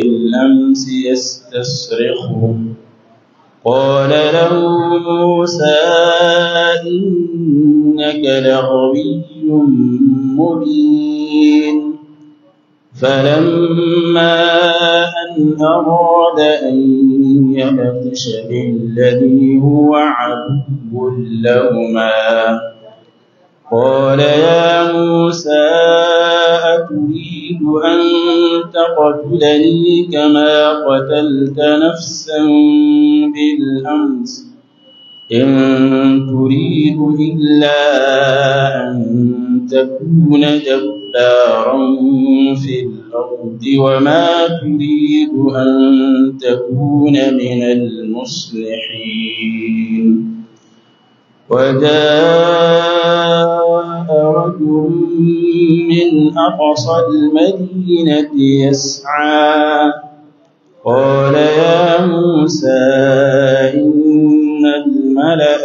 بالأمس يستصرخهم قال له موسى إنك لغوي مبين فلما أن أراد أن يبطش بالذي هو عدو لهما قال يا موسى أتريد أن تقتلني كما قتلت نفسا بالأمس إن تريد إلا أن تكون جبارا في الأرض وما تريد أن تكون من المصلحين وجاء رجل من أقصى المدينة يسعى قال يا موسى إن الملأ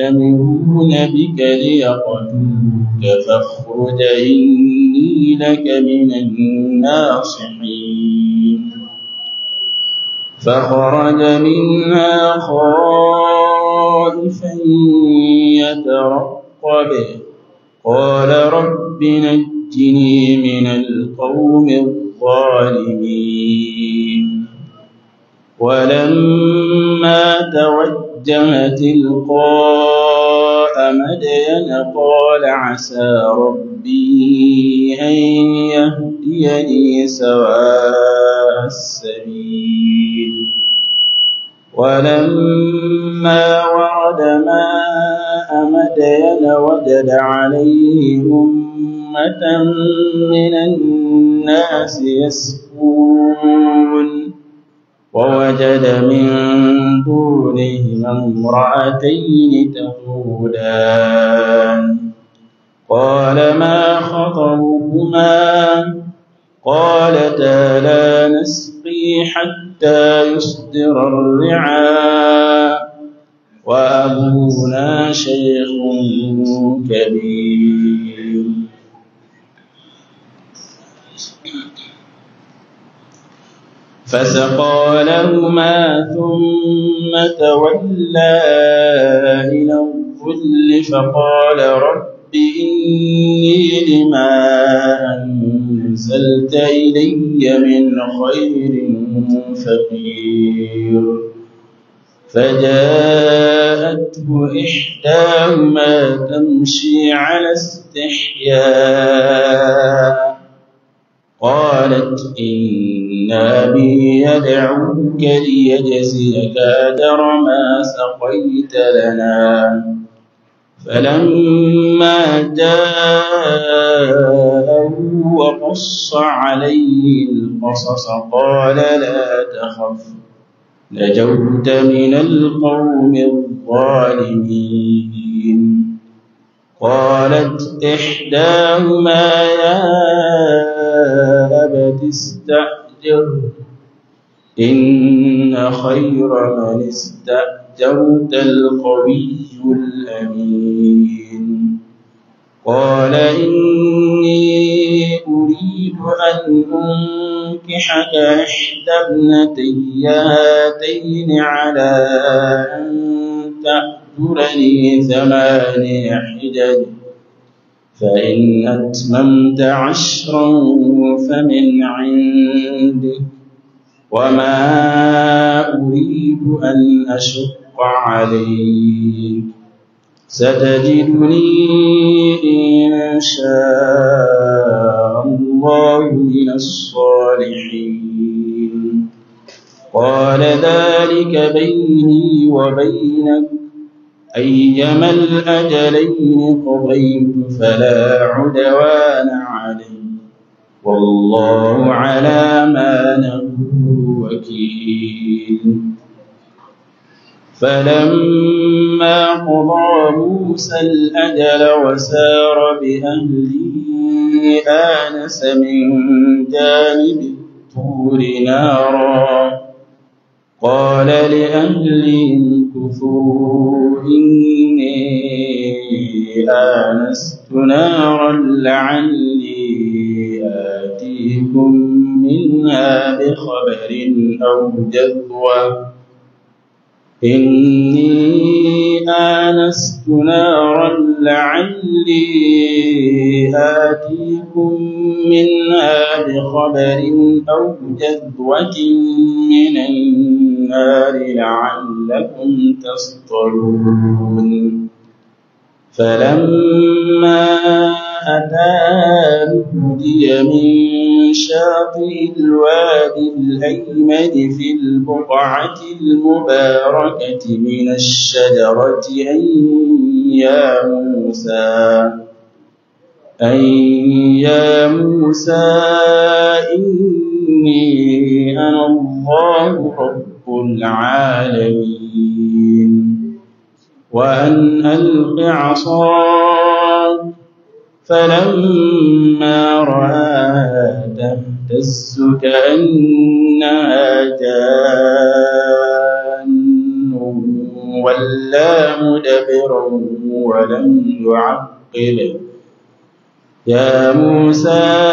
يأتمرون بك ليقتلوك فاخرج إني لك من الناصحين فخرج منها خائفا خائفا يترقب قال رب نجني من القوم الظالمين ولما توجه تلقاء مدين قال عسى ربي أن يهديني سواء السبيل ولما ورد ماء مدين وجد عليه أمة من الناس يسكون ووجد من دونهما امرأتين تقودان قال ما خطبكما قالتا لا نسقي حتى حتى يصدر الرعاء وأبونا شيخ كبير فسقى لهما ثم تولى إلى الظل فقال رب رب إني لما أنزلت إلي من خير فقير فجاءته إحداهما تمشي على استحياء قالت إن أبي يدعوك ليجزيك أدر ما سقيت لنا فلما جاءه وقص عليه القصص قال لا تخف نجوت من القوم الظالمين قالت إحداهما يا أبت استأجر إن خير من استأجر نجوت القوي الأمين قال إني أريد أن أنكحك إحدى ابنتي هاتين على أن تأجرني ثماني حجج فإن أتممت عشرا فمن عندك وما أريد أن أشق عليك ستجدني إن شاء الله من الصالحين قال ذلك بيني وبينك أيما الأجلين قضيت فلا عدوان علي والله على ما نقول وكيل فلما قضى موسى الأجل وسار بأهله آنس من جانب الطور نارا قال لأهلي امكثوا إني آنست نارا لعلي آتيكم منها بخبر أو جذوة إني آنست نارا لعلي آتيكم منها بخبر أو جذوة من النار لعلكم تصطلون فلما أتى نودي من شاطئ الوادي الأيمن في البقعة المباركة من الشجرة أي يا موسى أي يا موسى إني أنا الله رب العالمين وأن ألق عصاك فلما رآها تهتز كأنها جان ولا مدبرا ولم يعقل يا موسى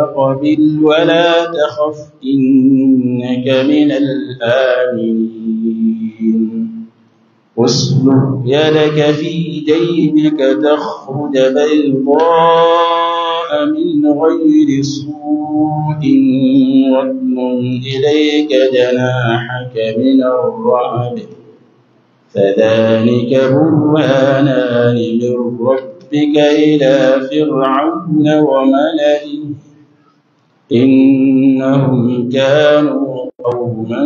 أقبل ولا تخف إنك من الآمنين اسلك يدك في بيمينك تخرج بيضاء من غير سوء واضم إليك جناحك من الرعب فذلك برهانان من ربك إلى فرعون وملئه إنهم كانوا قوما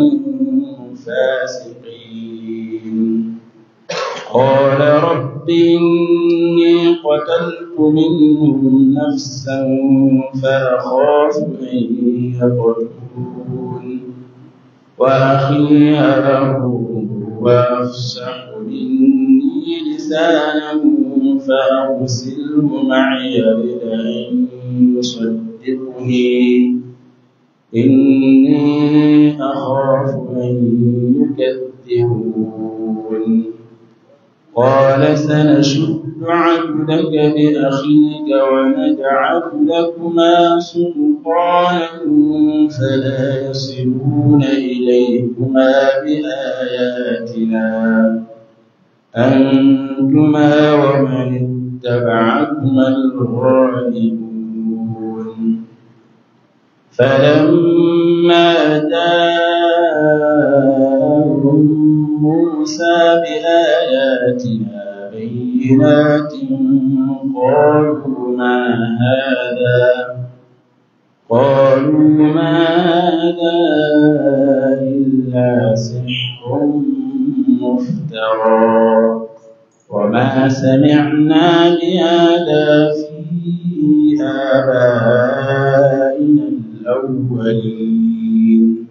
فاسقين قال رب إني قتلت منهم نفسا فأخاف أن يقتلون وأخي أبوه وأفسح مني لسانا فأرسله معي لدى يصدقني إني أخاف أن يكذبون قال سنشد عبدك بأخيك ونجعل لكما سلطانا فلا يصلون إليكما بآياتنا أنتما ومن اتبعكما الغالبون فلما جاءهم موسى بآياتنا بينات قالوا ما هذا قالوا ما هذا إلا سحر مفترى وما سمعنا بهذا في آبائنا الأولين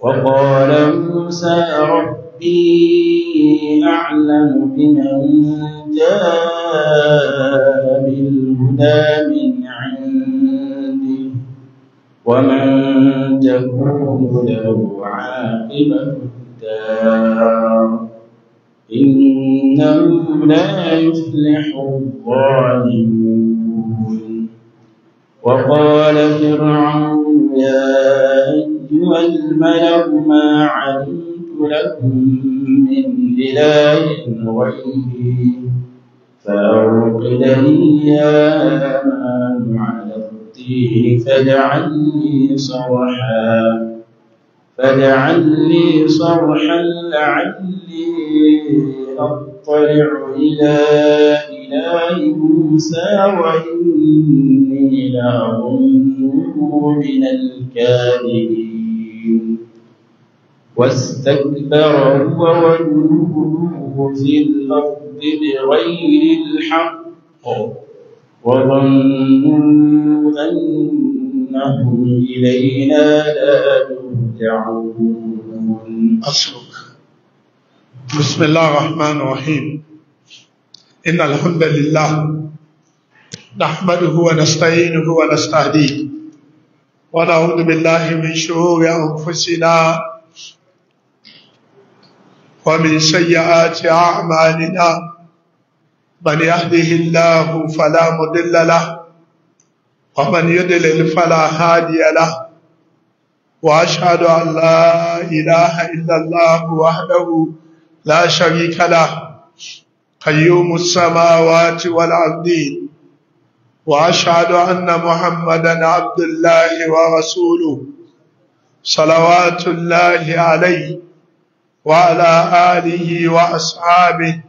وقال موسى رب ربي أعلم بمن جاء بالهدى من عنده ومن تكون له عاقبة الدار إنه لا يفلح الظالمون وقال فرعون يا أيها الملأ ما علمت لكم من إله غيري فأوقدني يا أمان على الدين فاجعلني صرحا فاجعلني صرحا لعلي أطلع إلى إله موسى وإني لأظنه من الكاذبين واستكبر هو وجنوده في الأرض بغير الحق وظنوا أنهم إلينا لا يرجعون أصلك بسم الله الرحمن الرحيم إن الحمد لله نحمده ونستعينه ونستهديه ونعوذ بالله من شرور أنفسنا ومن سيئات أعمالنا من يهده الله فلا مضل له ومن يضلل فلا هادي له وأشهد أن لا إله إلا الله وحده لا شريك له قيوم السماوات والأرضين وأشهد أن محمدا عبد الله ورسوله صلوات الله عليه وعلى آله وأصحابه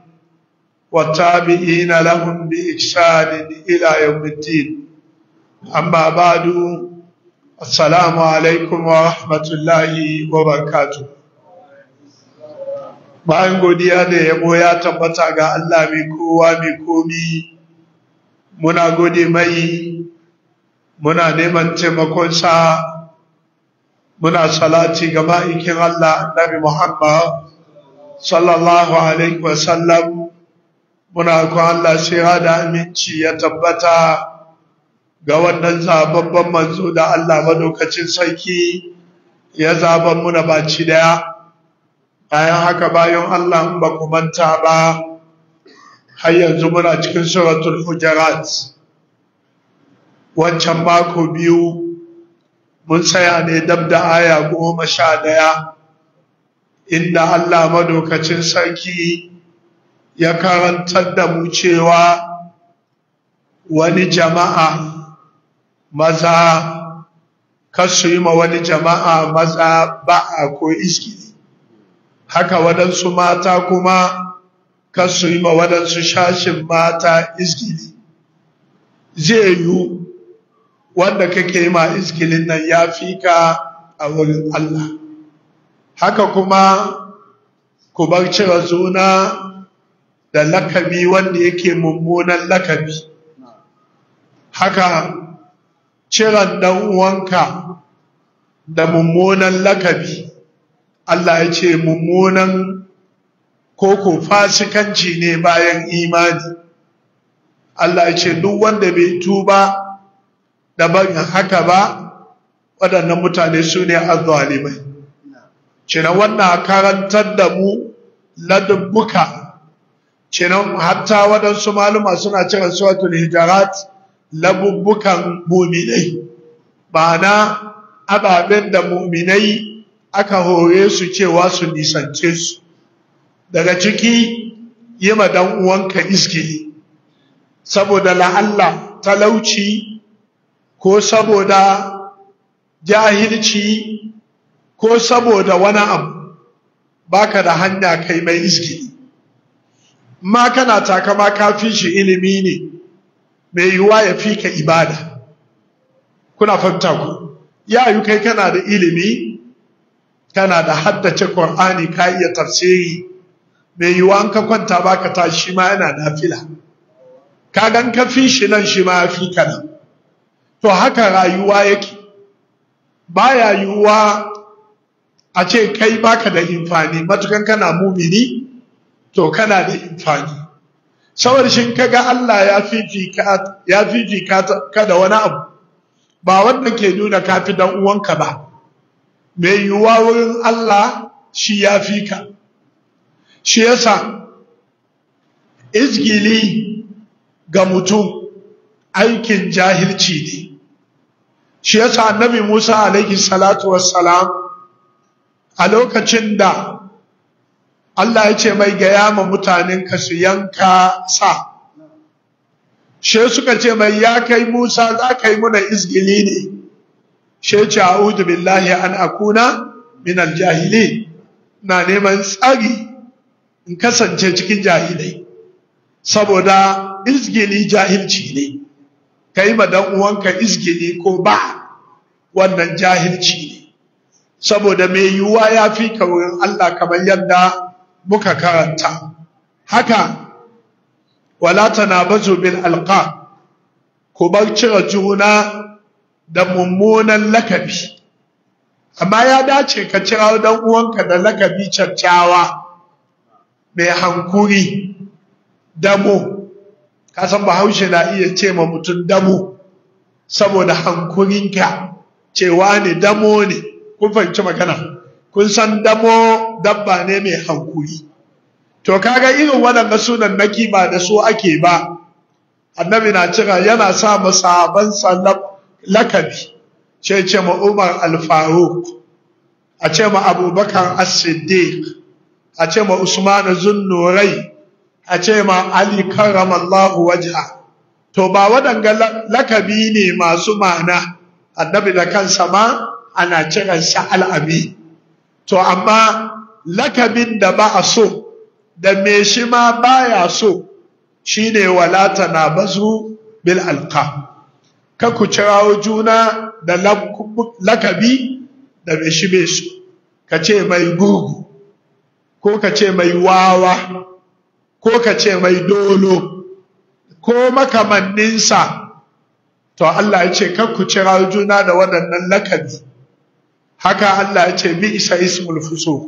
والتابعين لهم بإحسان إلى يوم الدين أما بعد السلام عليكم ورحمة الله وبركاته bayan godiya da yabo ya tabbata ga Allah mai kowa mai komi muna gode mai muna neman taimakon taimakonsa muna salati ga ma'aikin Allah Annabi Muhammad sallallahu alaihi sallam. muna ko Allah sai hada aminci ya tabbata ga wannan zababban manzo da Allah madaukacin sarki ya zaban muna baci daya bayan haka bayan Allah in ba ku manta ba har yanzu muna cikin suratul hujurat wancan mako biyu mun tsaya ne dab da aya goma sha ɗaya inda Allah madaukacin sarki ya karantar da mu cewa wani jama'a maza kasu yi ma wani jama'a maza ba'a ko iski haka waɗansu mata kuma kasu yi ma waɗansu shashin mata iski zai yiwu wanda kake ma iskilin nan ya fi ka a wurin Allah haka kuma ku bar cire zuna da lakabi wanda yake mummunan lakabi haka ciran dan uwanka da mummunan lakabi Allah ya ce mummunan ko koko fasikanci ne bayan imani Allah ya ce duk wanda bai tuba da ban haka ba waɗannan mutane su ne azzalimai cinan wannan karantar da mu ladabbuka cinan hatta waɗansu maluma suna cire suwatul hijarat labubbukan muminai ma'ana ababen da muminai aka hore su cewa su nisance su daga ciki yi ma dan uwanka iski saboda la'alla talauci ko saboda jahilci ko saboda wani abu baka da hanya kai mai iski ma kana takama kafin shi ilimi ne mai yiwuwa ya fi ka ibada kuna fahimta ku ya yi kai kana da ilimi kana da haddace Qur'ani ka iya tafsiri mai yiwuwa an ka kwanta baka tashi ma yana nafila ka gan ka fi shi nan shi ma fi ka nan to haka rayuwa yake ya yiwuwa a ce kai baka da imfani matukan kana mumini to kana da imfani shawar shin kaga Allah ya fifika ya fifika ka da wani abu ba wanda ke nuna kafi dan uwanka ba mai yiwuwa wurin Allah shi ya fika shi yasa izgili ga mutum aikin jahilci ne shi yasa annabi Musa alaihi salatu wassalam a lokacin da Allah ya ce mai gaya ma mutanen ka su yanka sa she suka ce mai ya kai Musa za ka yi muna izgili ne she ce a'udhu billahi an akuna min aljahili na neman tsari in kasance cikin jahilai saboda izgili jahilci ne kai ma dan uwanka izgili ko ba wannan jahilci ne saboda me yiwuwa ya fi ka Allah kamar yadda muka karanta haka wala tanabazu bil alqa ku bar cire juna da mummunan lakabi amma ya dace ka cira dan uwanka da lakabi caccawa mai hankuri damo kasan bahaushe na iya ce ma mutum damo saboda hankurinka cewa ne damo ne kun fahimci magana kun san damo dabba ne mai hankuri to kaga irin waɗanda sunan naki ba da su ake ba annabi na cika yana sa masabansa lakabi ce ce ma umar alfaruk a ce ma abubakar as-siddiq a ce ma usman zunnurai a ce ma ali karramallahu wajha to ba wadanga lakabi ne masu ma'ana annabi da kansa ma ana kiransa al'abi to amma lakabin da ba a so da me shi ma baya so shine wala tanabazu bil alqa ka ku cirawo juna da lakabi da me shi bai so ka ce mai gugu ko ka ce mai wawa ko ka ce mai dolo ko makamanninsa to Allah ya ce ku cira juna da waɗannan lakabi haka Allah ya ce bi isa ismul fuso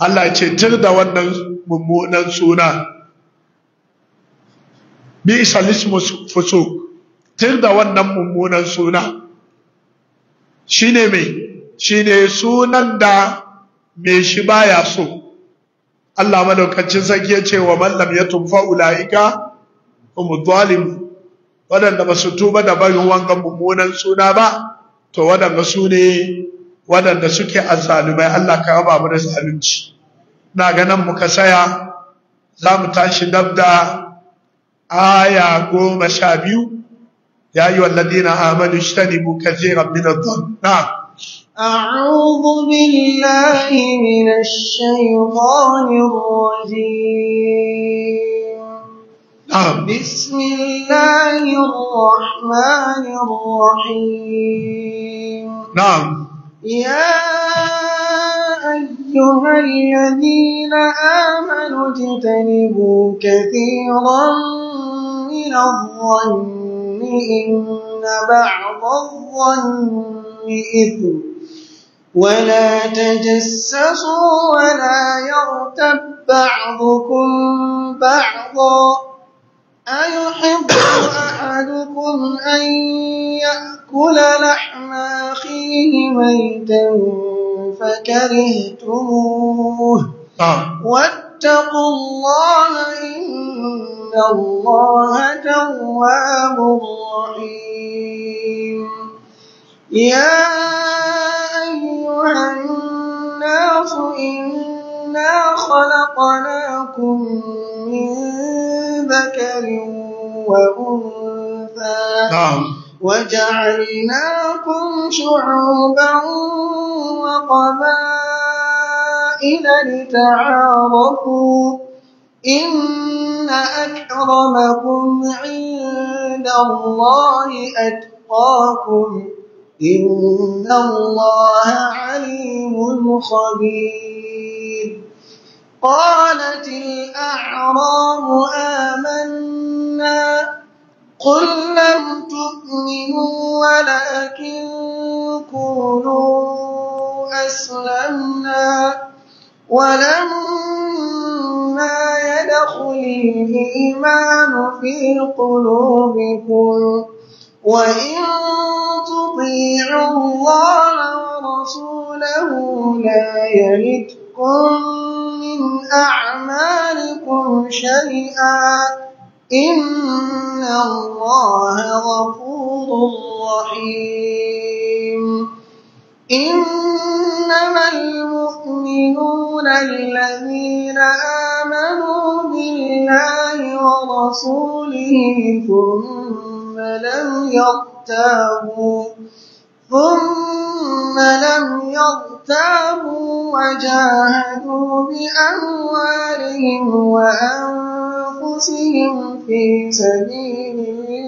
Allah ya ce tir da wannan mummunan suna bi isa ismul fuso tir da wannan mummunan suna shine mai shine sunan da me shi baya so Allah madaukacin sarki ya ce wa man lam yatub fa ulaika hum zalimun wadanda ba su tuba da barin wangan mummunan suna ba to wadanda su ne wadanda suke azzalumai Allah ka raba mu da zalunci na ganin muka saya za mu tashi dabda aya goma sha biyu ya yi walladina amanu shtanibu kathiran min dhann na'am أعوذ بالله من الشيطان الرجيم بسم الله الرحمن الرحيم نعم يا أيها الذين آمنوا اجتنبوا كثيرا من الظن إن بعض الظن إثم ولا تجسسوا ولا يغتب بعضكم بعضا أيحب أحدكم أن يأكل لحم أخيه ميتا فكرهتموه نعم. واتقوا الله إن الله تواب رحيم يا أيها الناس إنا خلقناكم من ذكر وأنثى نعم وجعلناكم شعوبا وقبائل لتعارفوا إن أكرمكم عند الله أتقاكم إن الله عليم خبير قالت الأعراب آمنا قل لم تؤمنوا ولكن كونوا أسلمنا ولما يدخل الإيمان في قلوبكم وإن تطيعوا الله ورسوله لا يلدكم من أعمالكم شيئا إن الله غفور رحيم إنما المؤمنون الذين آمنوا بالله ورسوله ثم ثم لم يرتابوا ثم لم يرتابوا وجاهدوا بأموالهم وأنفسهم في سبيل الله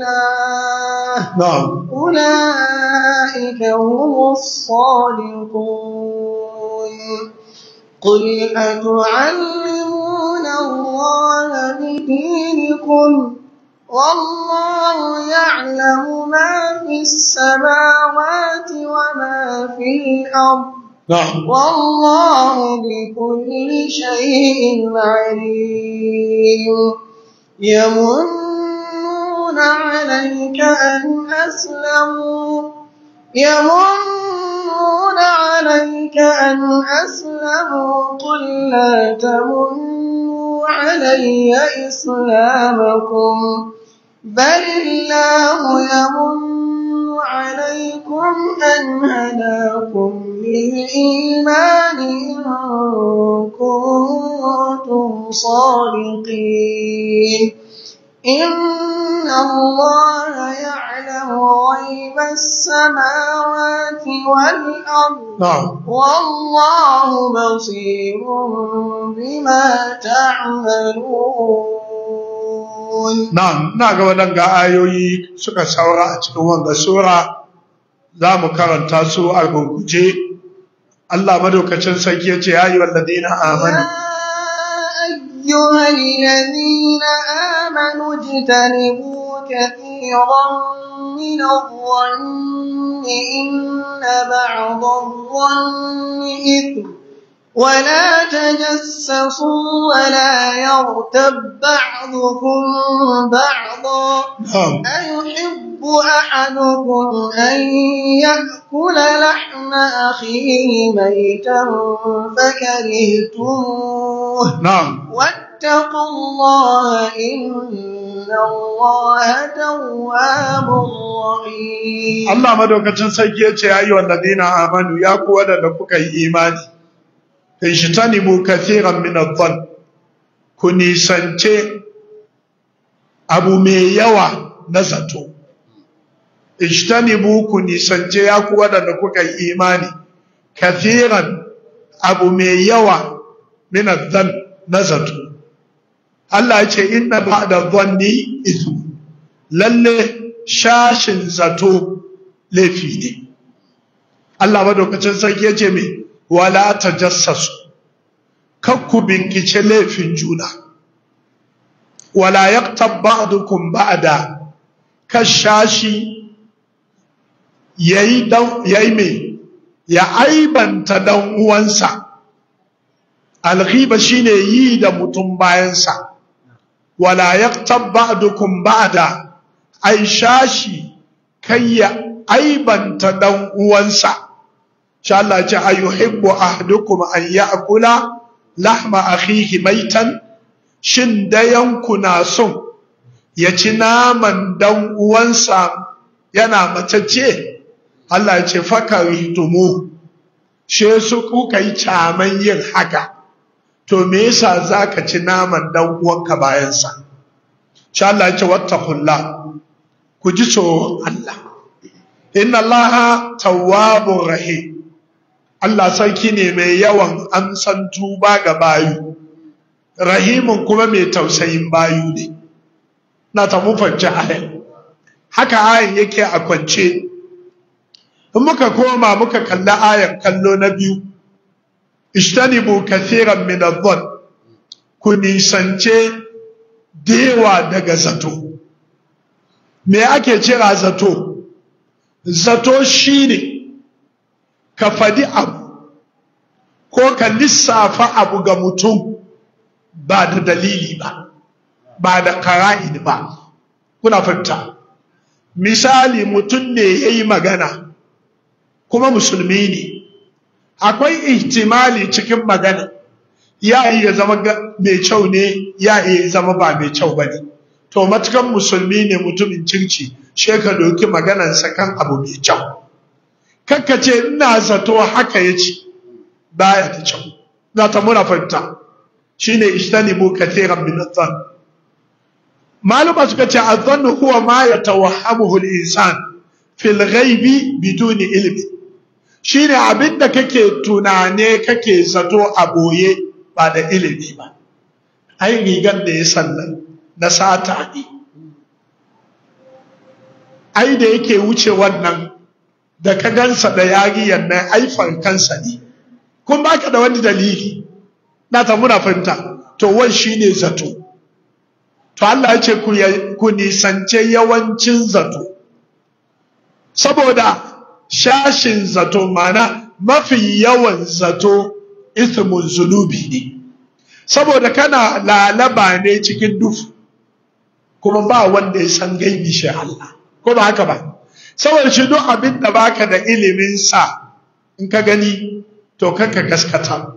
نعم أولئك هم الصادقون قل أتعلمون الله بدينكم والله يعلم ما في السماوات وما في الأرض نعم والله بكل شيء عليم يمنون عليك أن أسلموا يمنون عليك أن أسلموا قل لا تمنوا علي إسلامكم بل الله يمن عليكم أن هداكم للإيمان إن كنتم صادقين إن الله يعلم غيب السماوات والأرض نعم. والله بصير بما تعملون na'am ina ga waɗanga ayoyi suka saura a cikin wanga sura za mu karanta su a gurguje Allah madaukacin sarki ya ce ayi walladina amanu ayyuhal ladina amanu jitanibu kathiran min adh-dhanni inna ba'dha adh-dhanni ولا تجسسوا ولا يغتب بعضكم بعضا أيحب أحدكم أن يأكل لحم أخيه ميتا فكرهتموه نعم واتقوا الله إن الله تواب رحيم الله مدوكة سيئة أيها الذين آمنوا يا قوة لكم إيماني ijtanibu kathiran min adh ku nisance abu mai yawa na zato ijtanibu ku nisance ya ku waɗanda kuka yi imani kathiran abu mai yawa na zato Allah ya ce inna ba'da ni ithu lalle shashin zato laifi ne Allah madaukacin sarki ya ce me wala tajassasu kar ku binkice laifin juna wala yaktab ba'dukum ba'da kashashi yayi dan ya aibanta dan uwansa shi shine yi da mutum bayansa wala yaktab ba'dukum ba'da ai shashi kai ya aibanta dan uwansa insha Allah ce a ahdukum an ya'kula lahma akhihi maitan shin dayan ku na son ya ci naman dan uwansa yana matacce Allah ya ce fakaritumu she su kuka yi caman yin haka to me yasa zaka ci naman dan uwanka bayan sa insha Allah ya ce wattaqullah ku ji tsoron Allah inna Allah tawwabur rahim Allah sarki ne mai yawan amsan tuba ga bayu rahimun kuma mai tausayin bayu ne na ta mufanci ayan haka ayan yake a kwance in muka koma muka kalli ayan kallo na biyu ishtanibu kathiran min adh ku nisance dewa daga zato me ake cira zato zato shine ka fadi abu ko ka lissafa abu ga mutum ba da dalili ba ba da qara'id ba kuna fahimta misali mutum ne ya yi magana kuma musulmi ne akwai ihtimali cikin magana ya iya zama mai kyau ne ya iya zama ba mai kyau ba ne. to matukan musulmi ne mutumin kirki shekaru ka doki maganarsa kan abu mai kyau kakka ce ina zato haka ya ce baya ta kyau za ta muna fahimta shine ishtanibu kathiran rabbi na dhann maluma suka ce a zan huwa ma yatawahhamuhu al-insan fil ghaibi biduni ilmi shine abinda kake tunane kake zato a boye ba da ilimi ba ai rigar da ya sannan na sata ne ai da yake wuce wannan da ka gansa da yariyar nan aifan kansa ne kun baka da wani dalili na ta muna fahimta to wan shine zato to Allah ya ce ku nisance yawancin zato saboda shashin zato mana mafi yawan zato ismun zunubi ne saboda kana lalaba ne cikin dufu kuma ba wanda ya san gaibi shi Allah ko ba haka ba saboda shi duk abin da baka da ilimin sa in ka gani to kanka gaskata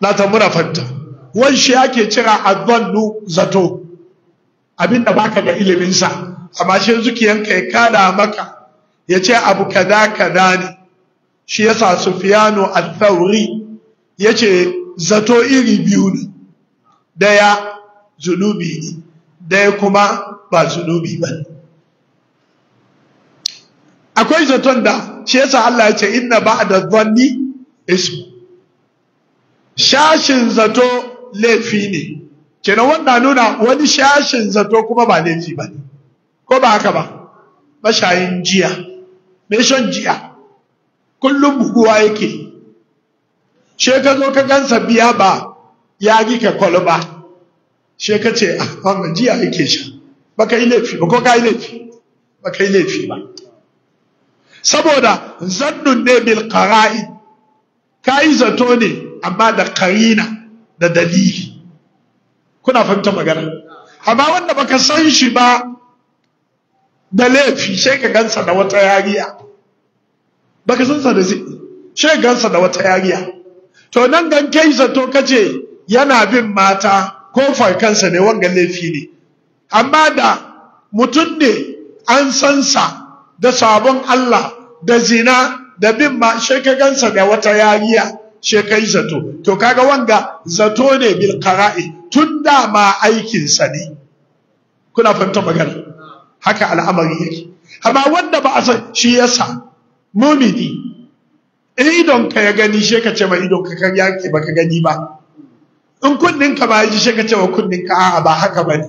na ta mura fanta wan shi ake cira adwannu zato abin da baka da ilimin sa amma shi zukiyanka ya kada maka ya ce abu kaza kaza ne shi yasa sufiyanu al-thawri yace zato iri biyu ne daya zunubi ne daya kuma ba zunubi ba akwai zaton da shi yasa Allah ya ce inna ba'da dhanni ismu shashin zato laifi ne kenan wanda nuna wani shashin zato kuma ba laifi ba ne ko ba haka ba mashayin jiya mai shan jiya kullum buguwa yake she ka zo ka gansa biya ba ya gi ka kwalba she ka ce a ah, jiya yake sha baka yi laifi ba ko ka yi laifi baka yi laifi ba saboda zannun ne bil qara'i kai zato ne amma da karina da dalili kuna fahimta magana amma wanda baka san shi ba da laifi sai ka gansa da wata yariya baka san sa da zai sai gansa da wata yariya to nan gan kai zato kace yana bin mata ko farkansa ne wanga laifi ne amma da mutum ne an san sa da sabon Allah da zina da bin ma shi ka gansa da wata yariya shi kai zato to kaga wanga zato ne bil qara'i tun da ma aikin sa ne kuna fahimtar magana haka al'amari yake amma wanda ba a san shi yasa mumini in idon ka ya gani shi ka ce ma idon ka kan yaki baka gani ba in kunnin ka ba ji shi ka ce wa kunnin ka a'a ba haka ba ne.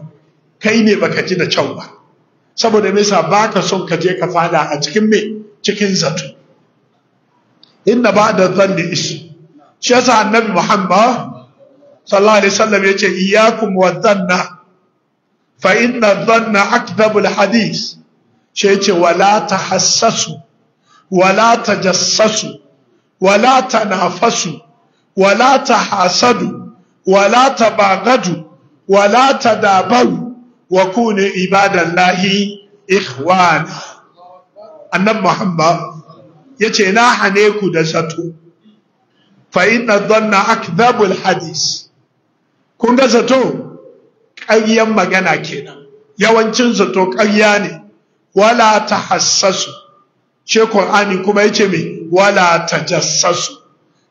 kai ne baka ji da kyau ba saboda me yasa baka son ka je ka fada a cikin me cikin zato inna ba da zanni isu shi yasa annabi muhammad sallallahu alaihi wasallam yace iyyakum wa dhanna fa inna dhanna akdhabul hadis. shi yace wala tahassasu wala tajassasu wala tanafasu wala tahasadu wala tabagadu wala tadabaru wa kunu ibadallahi ikhwana annabi Muhammad yace na hane ku da zato fa inna dhanna hadis kun ga zato ƙaryan magana kenan yawancin zato ƙarya ne wala tahassasu ce Qur'ani kuma yace me wala tajassasu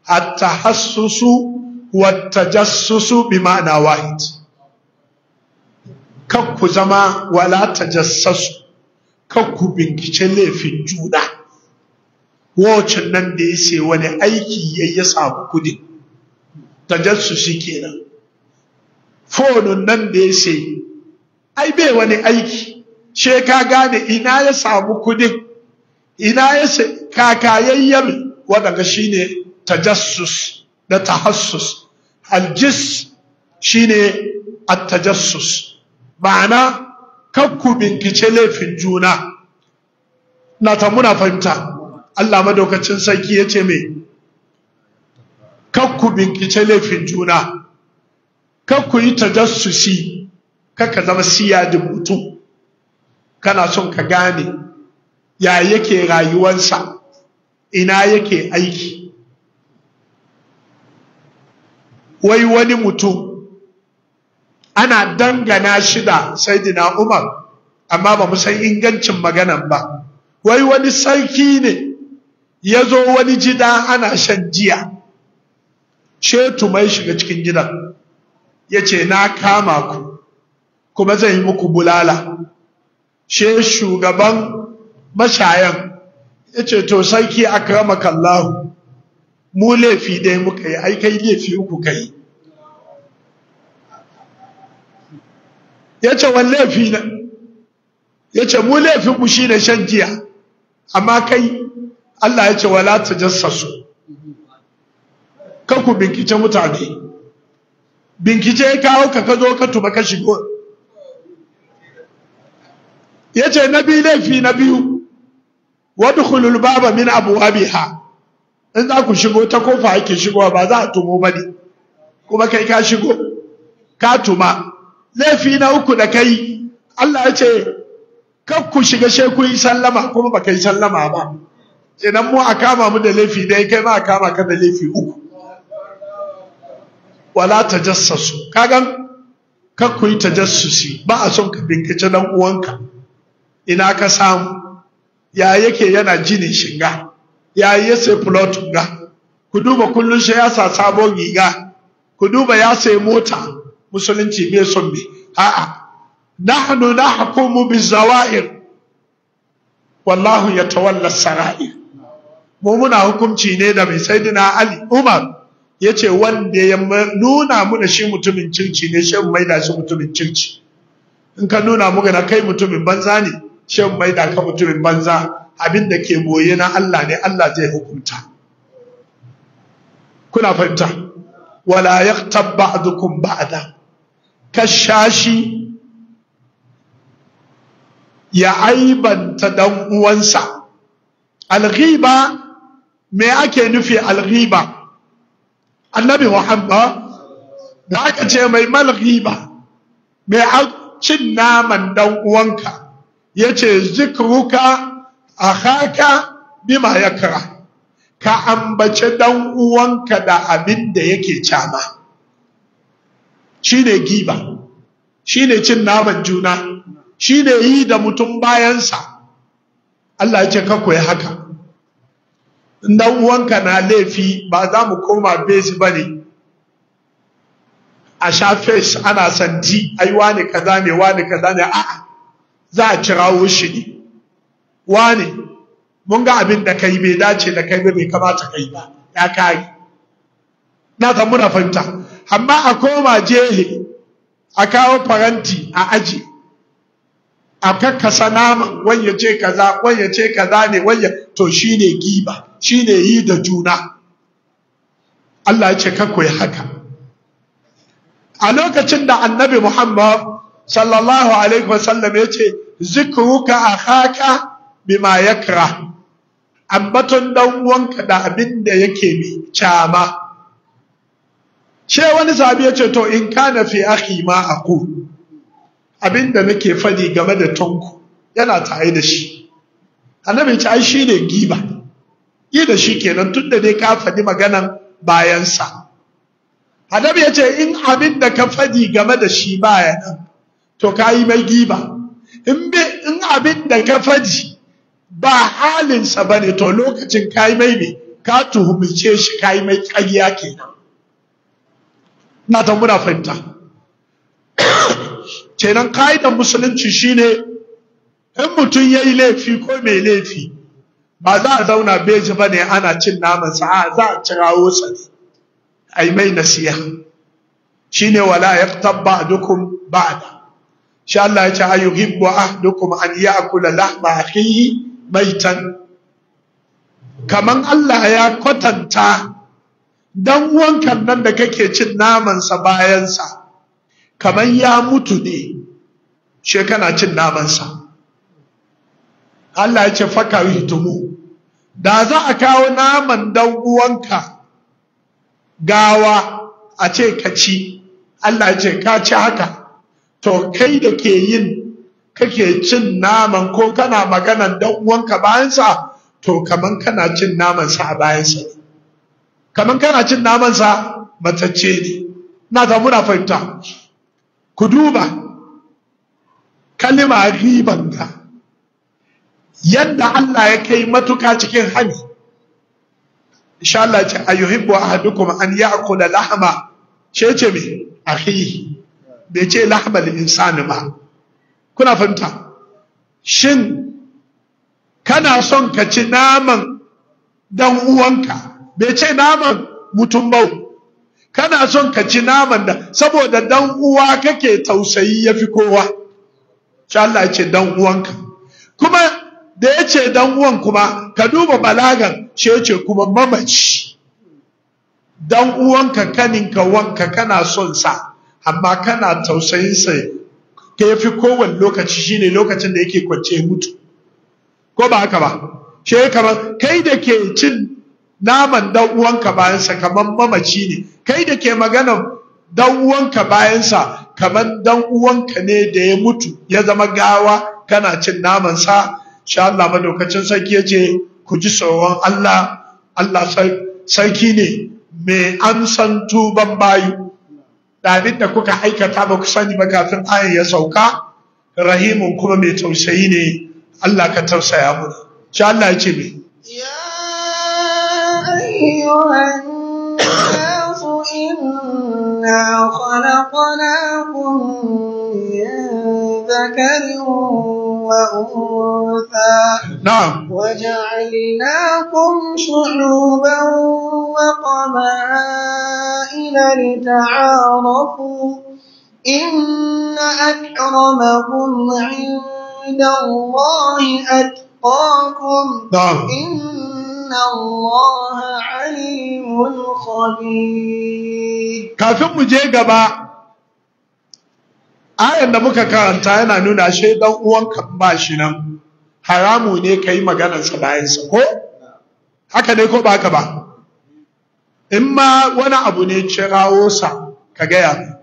at-tahassusu wa tajassusu bi ma'ana wahid ku zama wala jassasu. kan ku bincike laifin juna wacin nan da ya ce wani aiki ya yi samu kudi tajassusi shi ke nan da ya ce ai bai wani aiki ce ka gane ina ya samu kudin ina ya ce kakayayyar wadanda ta tajassus da tahassus aljis shi shine ta tajassus ma'ana kar ku binkice laifin juna na ta muna fahimta Allah madaukacin sarki ya ce me kar ku binkice laifin juna kar ku yi tajassusi kar zama zama siyadin mutum kana son ka gane ya yake rayuwarsa ina yake aiki wai wani mutum ana dangana shi da saidina Umar amma ba mu san ingancin maganan ba wai wani sarki ne ya zo wani jida ana shan jiya shetu mai shiga cikin gidan yace na kama ku kuma zan yi muku bulala she shugaban mashayan yace to sarki akramakallahu mu laifi dai muka yi ai kai laifi uku kai ya ce wani laifi na ya ce mu laifinmu shi ne shan giya amma kai Allah ya ce wala ta jassasu kan binkice mutane binkice ya kawo ka ka zo ka tuba ka shigo ya ce na biyu laifi na biyu wadda hulul baba min abu abiha in za ku shigo ta kofa ake shigo, ba za a tumo ba ne kuma kai ka shigo ka tuma laifi na uku da kai Allah ya ce 'Kan ku shiga she yi sallama kuma baka yi sallama ba idan mu a kama mu da laifi dai kai ma a kama ka da laifi uku wala tajassasu kagan kan ku yi tajassusi ba a son ka binkice dan uwanka ina ka samu ya yake yana jinin shinga ya yi sai plot ga ku duba kullun shi ya sa sabon riga ku duba ya sai mota musulunci bai son me a'a nahnu nahkumu bizawair wallahu yatawalla sarair mu muna hukunci ne da mai saidina ali umar yace wanda ya nuna muna shi mutumin circi ne shi mai da shi mutumin circi in ka nuna muka na kai mutumin banza ne shi mai da ka mutumin banza abin da ke boye na Allah ne Allah zai hukunta kuna fahimta wala yaqtab ba'dukum ba'da ka ya aibanta dan uwansa alghiba me ake nufi alghiba annabi muhammad da aka ce mai malghiba me cin naman dan uwanka yace zikruka akhaka bima yakra ka ambace dan uwanka da abin da yake cama Shi ne giba shi ne cin naman juna shi ne yi da mutum bayansa Allah ya ce ka koyi haka dan uwanka na laifi ba za mu koma base bane a sha fes ana santi ai wani kaza ne wani kaza ne a'a za a kirawo shi ne wani mun ga abin da kai bai dace da kai bai kamata kai ba ya kai na san muna fahimta amma a koma jehe a kawo faranti a aji a kakkasa naman wanya ce kaza wani ce kaza ne wanya to shine giba shine yi da juna Allah ya ce ya haka a lokacin da annabi Muhammad sallallahu alaihi wasallam ya ce zikruka akhaka bima yakra ambaton dan uwanka da abin da yake bi, chama Ce wani sahabi ya ce to in kana fi akhi ma aku abinda nake fadi game da tonku yana tare da shi annabi ce ai shi ne giba yi da shi kenan tun da dai ka fadi maganan bayansa annabi ya ce in abin da ka fadi game da shi baya nan to ka yi mai giba in in abin da ka fadi ba halinsa ba ne to lokacin ka yi mai ne ka tuhumce shi ka yi mai ƙarya kenan na ta muna fahimta kenan ka'idan musulunci shine in mutum ya yi laifi ko mai laifi ba za a zauna beji ba ne ana cin sa, a za a cirawo sa a yi mai nasiya ne wala yaqtab ba da. sha Allah ya ce a ahdukum an ya'kula lahma akhihi maitan Kamar Allah ya kwatanta dan uwankan nan da kake cin namansa bayansa kaman ya mutu ne she kana cin namansa Allah ya ce faka hitumu da za a kawo naman dan uwanka gawa a ce ka ci Allah ya ce ka ci haka to kai da ke yin kake cin naman ko kana magana dan uwanka bayansa to kaman kana cin namansa a bayansa kamar kana cin namansa matacce ne na ta muna fahimta ku duba kalima riban ka. yadda Allah ya kai matuka cikin hani insha Allah ce ayyuhibbu ahadukum an ya'kula lahma ce ce me akhi be ce lahmal insani ba kuna fahimta shin kana son ka ci naman dan uwanka bai ce naman mutum ba kana son ka ci naman da saboda dan uwa kake tausayi yafi kowa sha Allah ya ce dan uwanka kuma da ya ce dan uwan kuma ka duba balagan shi ce kuma mamaci dan uwanka kaninka wanka kana son sa amma kana tausayin sa ke fi kowane lokaci shine lokacin da yake kwance mutu ko ba haka ba shi kai da ke cin naman dan uwanka bayansa kaman mamaci ne kai da ke magana dan uwanka bayansa kaman dan uwanka ne da ya mutu ya zama gawa kana cin naman sa insha Allah madaukacin sarki yace ku ji tsoron Allah Allah sarki ne mai amsan tuban bayu David da kuka aikata ba ku sani ba kafin ayan ya sauka rahimun kuma mai tausayi ne Allah ka tausaya mu insha Allah ya ce me أيها الناس إنا خلقناكم من ذكر وأنثى نعم وجعلناكم شعوبا وقبائل لتعارفوا إن أكرمكم عند الله أتقاكم نعم Kafin mu je gaba ayan da muka karanta yana nuna shi dan uwanka ba shi nan haramu ne kai yi sa bayansa, ko haka ne ko baka ba in ma wani abu ne cirawo sa ka gaya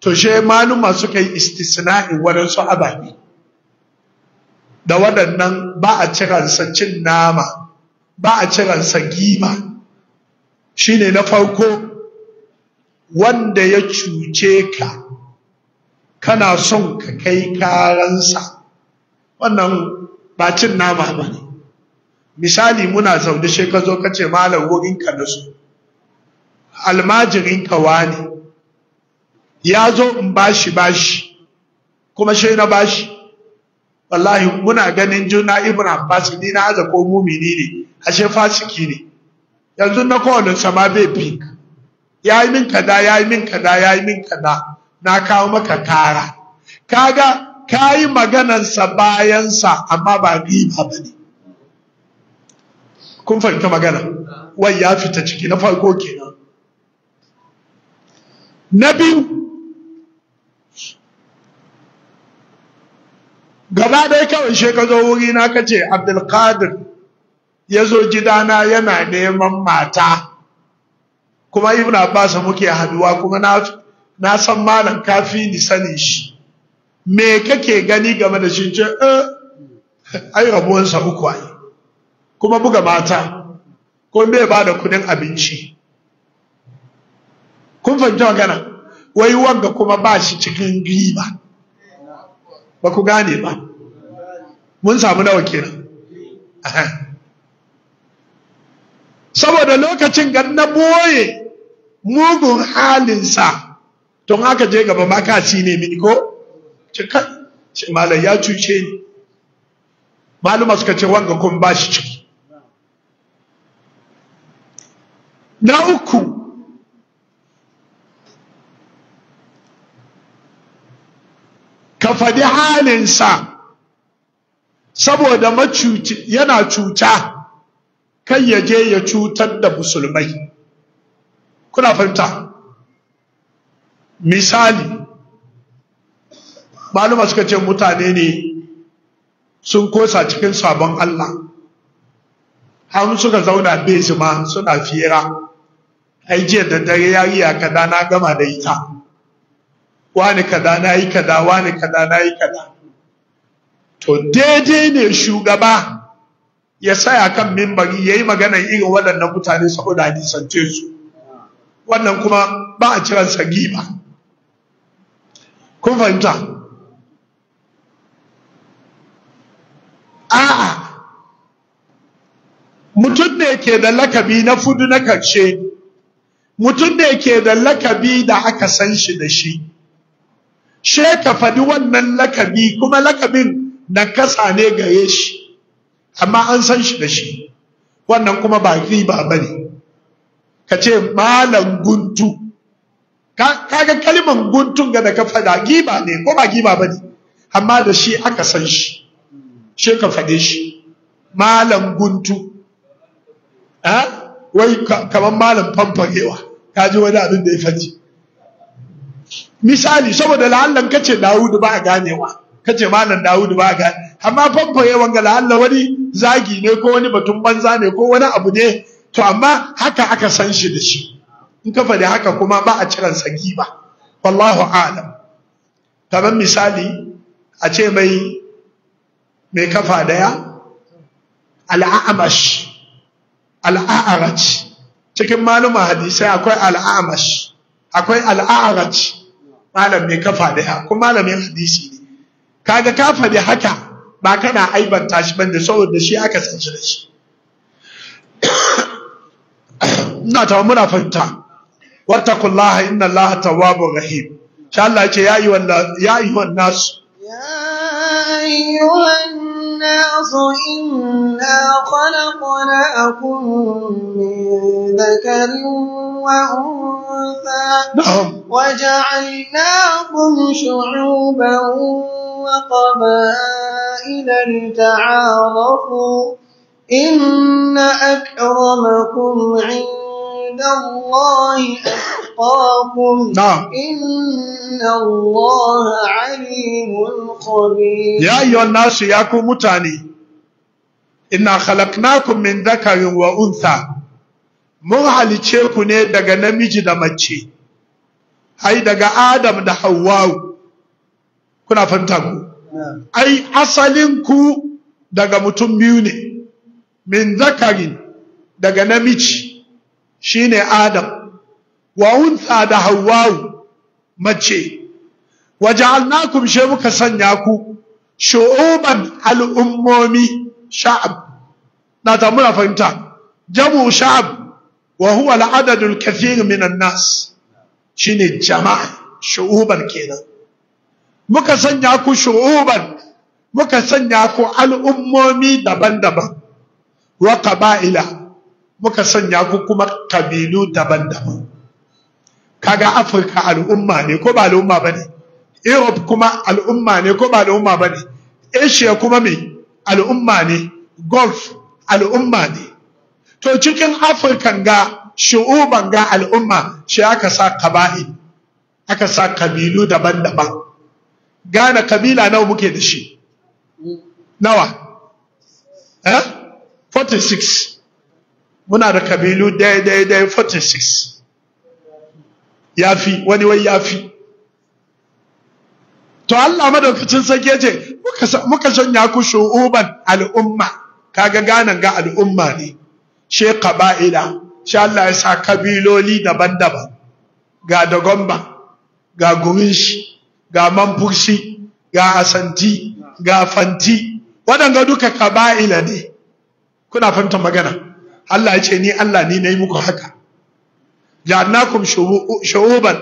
to she maluma suka yi istisna'i waɗansu ababe da waɗannan ba a ciransa cin nama ba a ciransa gima Shi ne na farko wanda ya cuce ka kana son ka kai karansa wannan bacin nama ba ne misali muna zaune shi ka zo ka ce malam wurinka na so almajirinka wani ya zo in bashi bashi kuma shi na bashi wallahi muna ganin juna Ibrahim abbas ni na aza ko mumini ne ashe fasiki ne yanzu na kowane sama bai bi ya yi min kada ya yi min kada ya yi min kada na kawo maka kara kaga ka yi maganansa bayansa amma ba riba ba ne kun fahimta magana wai ya fita ciki na farko kenan na biyu gaba dai kawai shekazo wuri na kace abdulkadir ya zo gidana yana neman mata kuma ibn abbas muke haduwa kuma na na san malam kafi ni sanin shi me kake gani game da shi ce eh ai sa uku ai kuma buga mata ko me ba da kudin abinci kun fahimci magana wai wanga kuma ba shi cikin riba ba ku gane ba mun samu nawa kenan saboda lokacin ga na boye mugun halinsa don haka je gaba maka ka ci ne mi ko cikin ce malam ya cuce ni maluma suka ce wanga kun ba shi ciki na uku ka fadi halinsa saboda macuci yana cuta kai ya je ya cutar da musulmai kuna fahimta misali Malama suka ce mutane ne sun kosa cikin sabon Allah har suka zauna bezi ma suna fira ai jiya da dare yariya kada na gama da ita wani kada na yi kada wani kada na yi kada to daidai ne shugaba ya saya kan mimbari yayi magana irin waɗannan mutane saboda hadisance su wannan kuma ba a kiran sa giba kun fahimta a'a mutum ne ke da lakabi na fudu na karshe mutum ne ke da lakabi da aka san shi da shi she ka faɗi wannan lakabi kuma lakabin na kasa ne gare shi amma an san shi da shi wannan kuma ba riba ba ne ka ce malam guntu kaga kalmar guntun ga da ka fada giba ne ko ba giba ba amma da shi aka san shi shi ka fade shi malam guntu wai kamar malam famfarewa ka ji wani abin da ya faji misali saboda la'allan kace Dawudu ba a ganewa kace malam Dawud ba ga amma fanfaye wanga la'alla wani zagi ne ko wani batun banza ne ko wani abu ne to amma haka aka san shi da shi in ka faɗi haka kuma ba a ciran saki ba. wallahu alam kamar misali a ce mai mai kafa daya al'amash al'a'araj cikin maluma hadisai akwai al'amash akwai al'a'araj malam mai kafa daya kuma malamin hadisi ne kaga ka faɗi haka ba kana aibanta shi bane saboda shi aka sanci da shi ina ta muna fahimta wattaqullaha inna allaha tawwabur rahim insha Allah ya ce ya ayyuhan nas ya ayyuhan الناس إنا خلقناكم من ذكر وأنثى نعم. وجعلناكم شعوبا وقبائل لتعارفوا إن أكرمكم عند عند الله أتقاكم نعم إن الله عليم خبير يا أيها الناس يا متاني إنا خلقناكم من ذكر وأنثى mun halice ku ne daga namiji da mace ai daga adam da hawwa'u kuna fanta ku ai asalin ku daga mutum biyu ne min zakarin daga namiji shine adam wa unsa da hawwa'u mace waja'alnakum she muka sanya ku shu'uban al'ummomi sha'ab na ta muna fahimta jamu sha'ab wa huwa al'adadul kathir minan nas shine jama'a shu'uban kenan muka sanya ku shu'uban muka sanya ku al'ummomi daban-daban wa qaba'ila muka sanya ku kuma kabilu daban-daban kaga afirka al'umma ne ko ba al'umma ba europe kuma al'umma ne ko ba al'umma ba asia kuma me al'umma ne Gulf al'umma ne to cikin afirkan ga shu'uban ga al'umma shi aka sa kaba'i aka sa kabilu daban-daban gane kabila nawa muke da shi nawa eh 46 muna da kabilu dai-dai-dai 46 ya fi wani wai ya fi to Allah madaukakin sarki yace muka muka ku shu'uban al'umma kaga ganan ga al'umma ne she qaba'ila she Allah ya sa kabiloli daban-daban ga dagomba ga gurinshi ga manfurshi ga asanti ga fanti Waɗanga duka kaba'ila ne kuna fahimtar magana Allah ya ce ni Allah ni nayi muku haka ja'alnakum shu'uban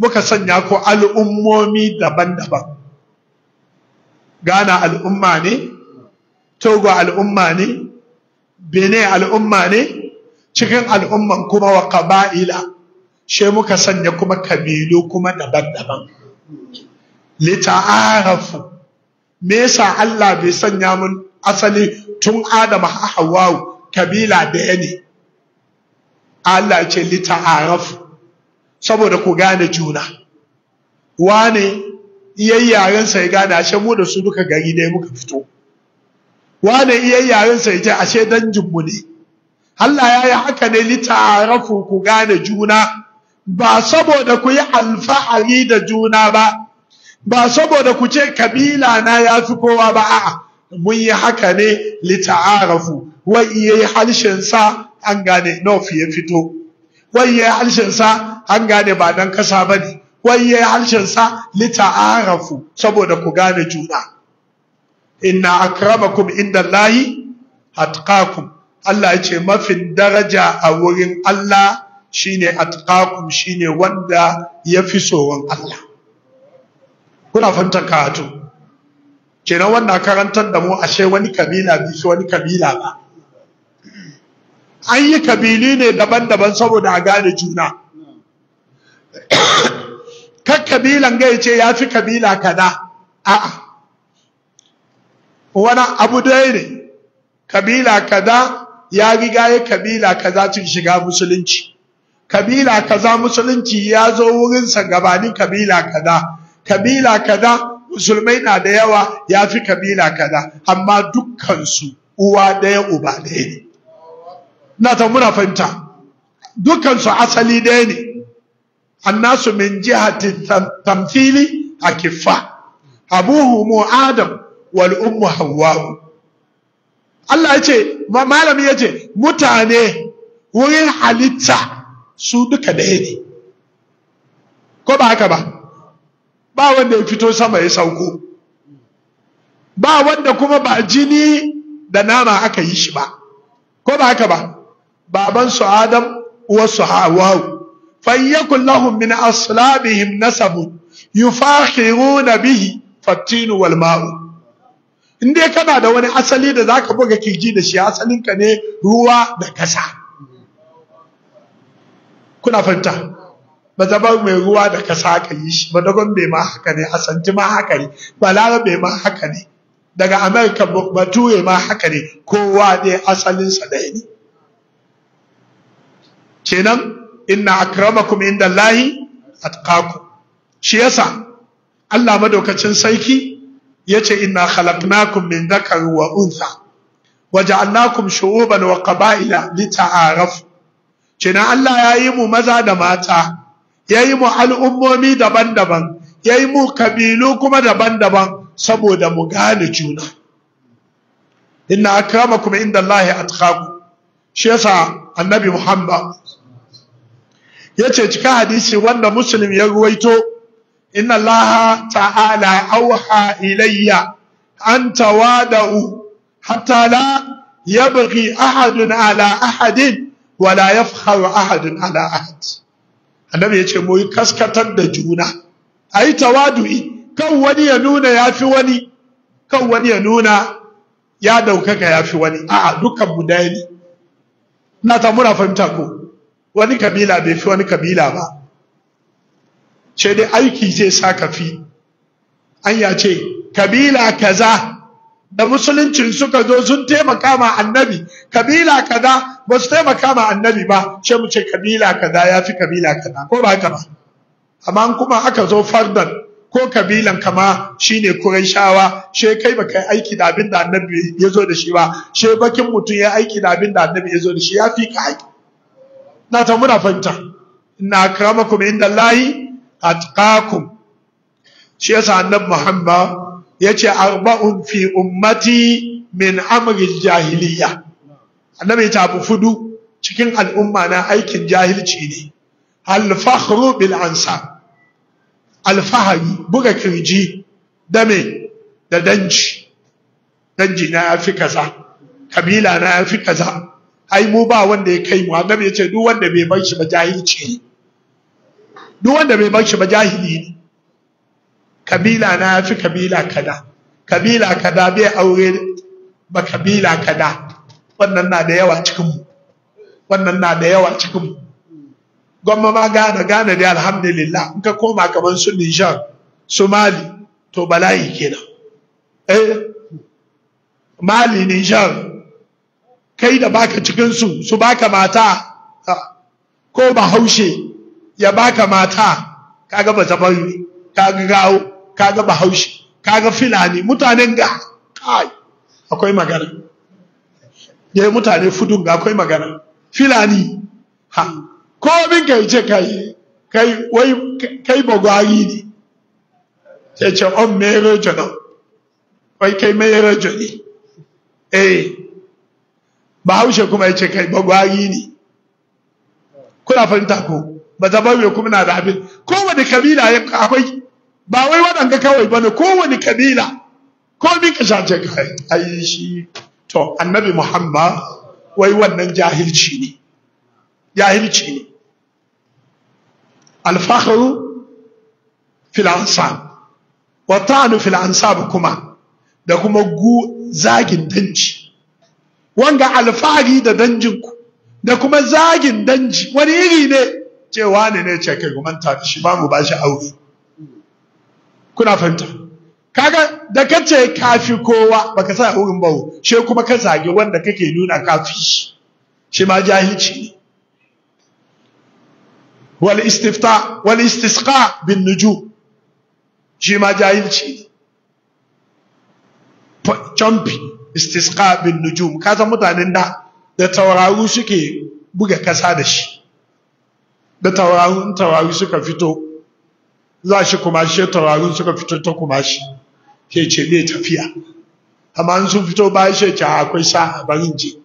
muka sanya ku al'ummomi daban-daban Ghana al'umma ne Togo al'umma ne Benin al'umma ne cikin al'umman kuma wa qaba'ila she muka sanya kuma kabilu kuma daban-daban lita'arafu me yasa Allah bai sanya mun asali tun Adam har Hawwa kabila ɗaya ne Allah ce lita arafu saboda ku gane juna wane iyayen sai gane ashe mu da su duka gari ne muka fito wane iyayen sai ya je ashe mu ne Allah ya yi haka ne lita'arafu ku gane juna ba saboda ku yi alfahari da juna ba ba saboda ku ce kabila na ya fi kowa ba a'a mun yi haka ne litarafu. wai iya yi sa, an gane nof ya fito wai iya yi sa, an gane ba dan kasa ba ne wai iya yi halshensa lita'arafu saboda ku gane juna inna akramakum inda layi atqakum Allah ya ce mafin daraja a wurin Allah shine atqakum shine wanda ya fi tsoron Allah kuna fahimtar karatu kenan wannan karantar da mu ashe wani kabila bi wani kabila ba an yi kabilu ne daban-daban saboda a gane juna kan kabilan gai ce ya fi kabila kada a'a wani abu dai ne kabila kada ya riga ya kabila kaza tun shiga musulunci kabila kaza musulunci ya zo wurinsa gabanin kabila kada. kabila kada musulmai na da yawa ya fi kabila kada. amma dukkansu uwa ɗaya uba ɗaya ne na ta muna fahimta dukansu asali ɗaya ne annasu min jihati tamfili a abuhu mu adam wal ummu hawwa'u Allah ya ce malami ya ce mutane wurin halitta su duka ɗaya ne ko ba haka ba ba wanda ya fito sama ya sauko ba wanda kuma ba jini da nama aka yi shi ba ko ba haka ba baban su adam uwar su hawa fayyakun lahum min aslabihim nasabun na bihi fattinu wal ma'u in dai kana da wani asali da zaka buga kirji da shi asalinka ne ruwa da kasa kuna fahimta mazabar mai ruwa da kasa ka yi shi dogon bai ma haka ne asanti ma haka ne bai ma haka ne daga amerika bature ma haka ne kowa ne asalinsa dai ne kenan inna akramakum lahi atqakum shi yasa Allah madaukacin sarki yace inna khalaqnakum min dhakari wa untha waja'alnakum shu'uban wa qaba'ila lita'arafu kenan Allah yayi mu maza da mata yayi mu al'ummomi daban-daban yayi mu kabilu kuma daban-daban saboda mu gane juna inna akramakum lahi atqakum shi yasa annabi Muhammad yace cika hadisi wanda muslim ya ruwaito inna allaha ta'ala auha ilayya an tawada'u hatta la yabghi ahadun ala ahadin wa la yafkharu ahadun ala ahad annabi yace mu yi kaskatar da juna ayi tawadu'i kan wani ya nuna yafi wani kan wani ya nuna ya daukaka yafi wani a'a dukkan mu dai na ta muna fahimta ko wani kabila bai fi wani kabila ba ce dai aiki zai sa ka fi an ya ce kabila kaza da musuluncin suka zo sun taimaka ma annabi kabila kaza ba su taimaka ma annabi ba ce mu ce kabila kaza ya fi kabila kaza ko ba haka ba amma kuma aka zo fardan ko kabilan kama shine shawa. she kai baka aiki da abin da annabi ya zo da shi ba she bakin mutum ya aiki da abin da annabi ya zo da shi ya fi ka aiki na ta muna fahimta inda akramakum indallahi atqakum shi yasa annabi Muhammad yace arba'un fi ummati min amri jahiliya annabi ya abu fudu cikin al'umma na aikin jahilci ne al bil ansa al buga kirji dame da danji danji na yafi kaza kabila na yafi kaza ai mu ba wanda ya kai mu annabi yace duk wanda bai bar shi ba jahilci duk wanda bai bar shi ba jahili ne kabila na fi kabila kada kabila kada bai aure ba kabila kada wannan na da yawa cikin mu wannan na da yawa cikin mu gwamma ma gane gane dai alhamdulillah in ka koma kaman su Niger, Somali, to bala'i kenan eh Mali Niger. kai da baka cikinsu su baka mata ko bahaushe ya baka mata kaga ba tabari kaga gawo kaga bahaushe kaga filani mutanen ga kai akwai magana dai mutane fudun ga akwai magana filani ha ko bin kai ce kai kai wai kai bagwari ne sai ce on oh, mere jana wai kai mere jani eh bahaushe kuma ya ce kai bagwari ne kuna fahimta ko ba bawe kuma na da abin kowane kabila akwai ba wai wadanda kawai ba ne kowane kabila ko min ka shace kai ai shi to annabi muhammad wai wannan jahilci ne jahilci ne alfaharu fil ansab wa ta'nu fil ansab kuma da kuma gu zagin danci wanga alfahari da danjinku da kuma zagin danji wani iri ne cewa ne ne ce kai kuma ta shi ba mu ba shi aure kuna fanta kaga da ka ce kafi kowa baka sa wurin bawo she kuma ka zage wanda kake nuna kafi shi shi ma jahilci ne wal istifta wal istisqa bin nuju shi ma jahilci ne istisqa bin nujum ka san mutanen da da tawaru suke buga kasa da shi da tawaru tawaru suka fito za shi kuma shi tawaru suka fito ta kuma shi ke ce me tafiya amma in sun fito ba shi ce akwai sa barin ji.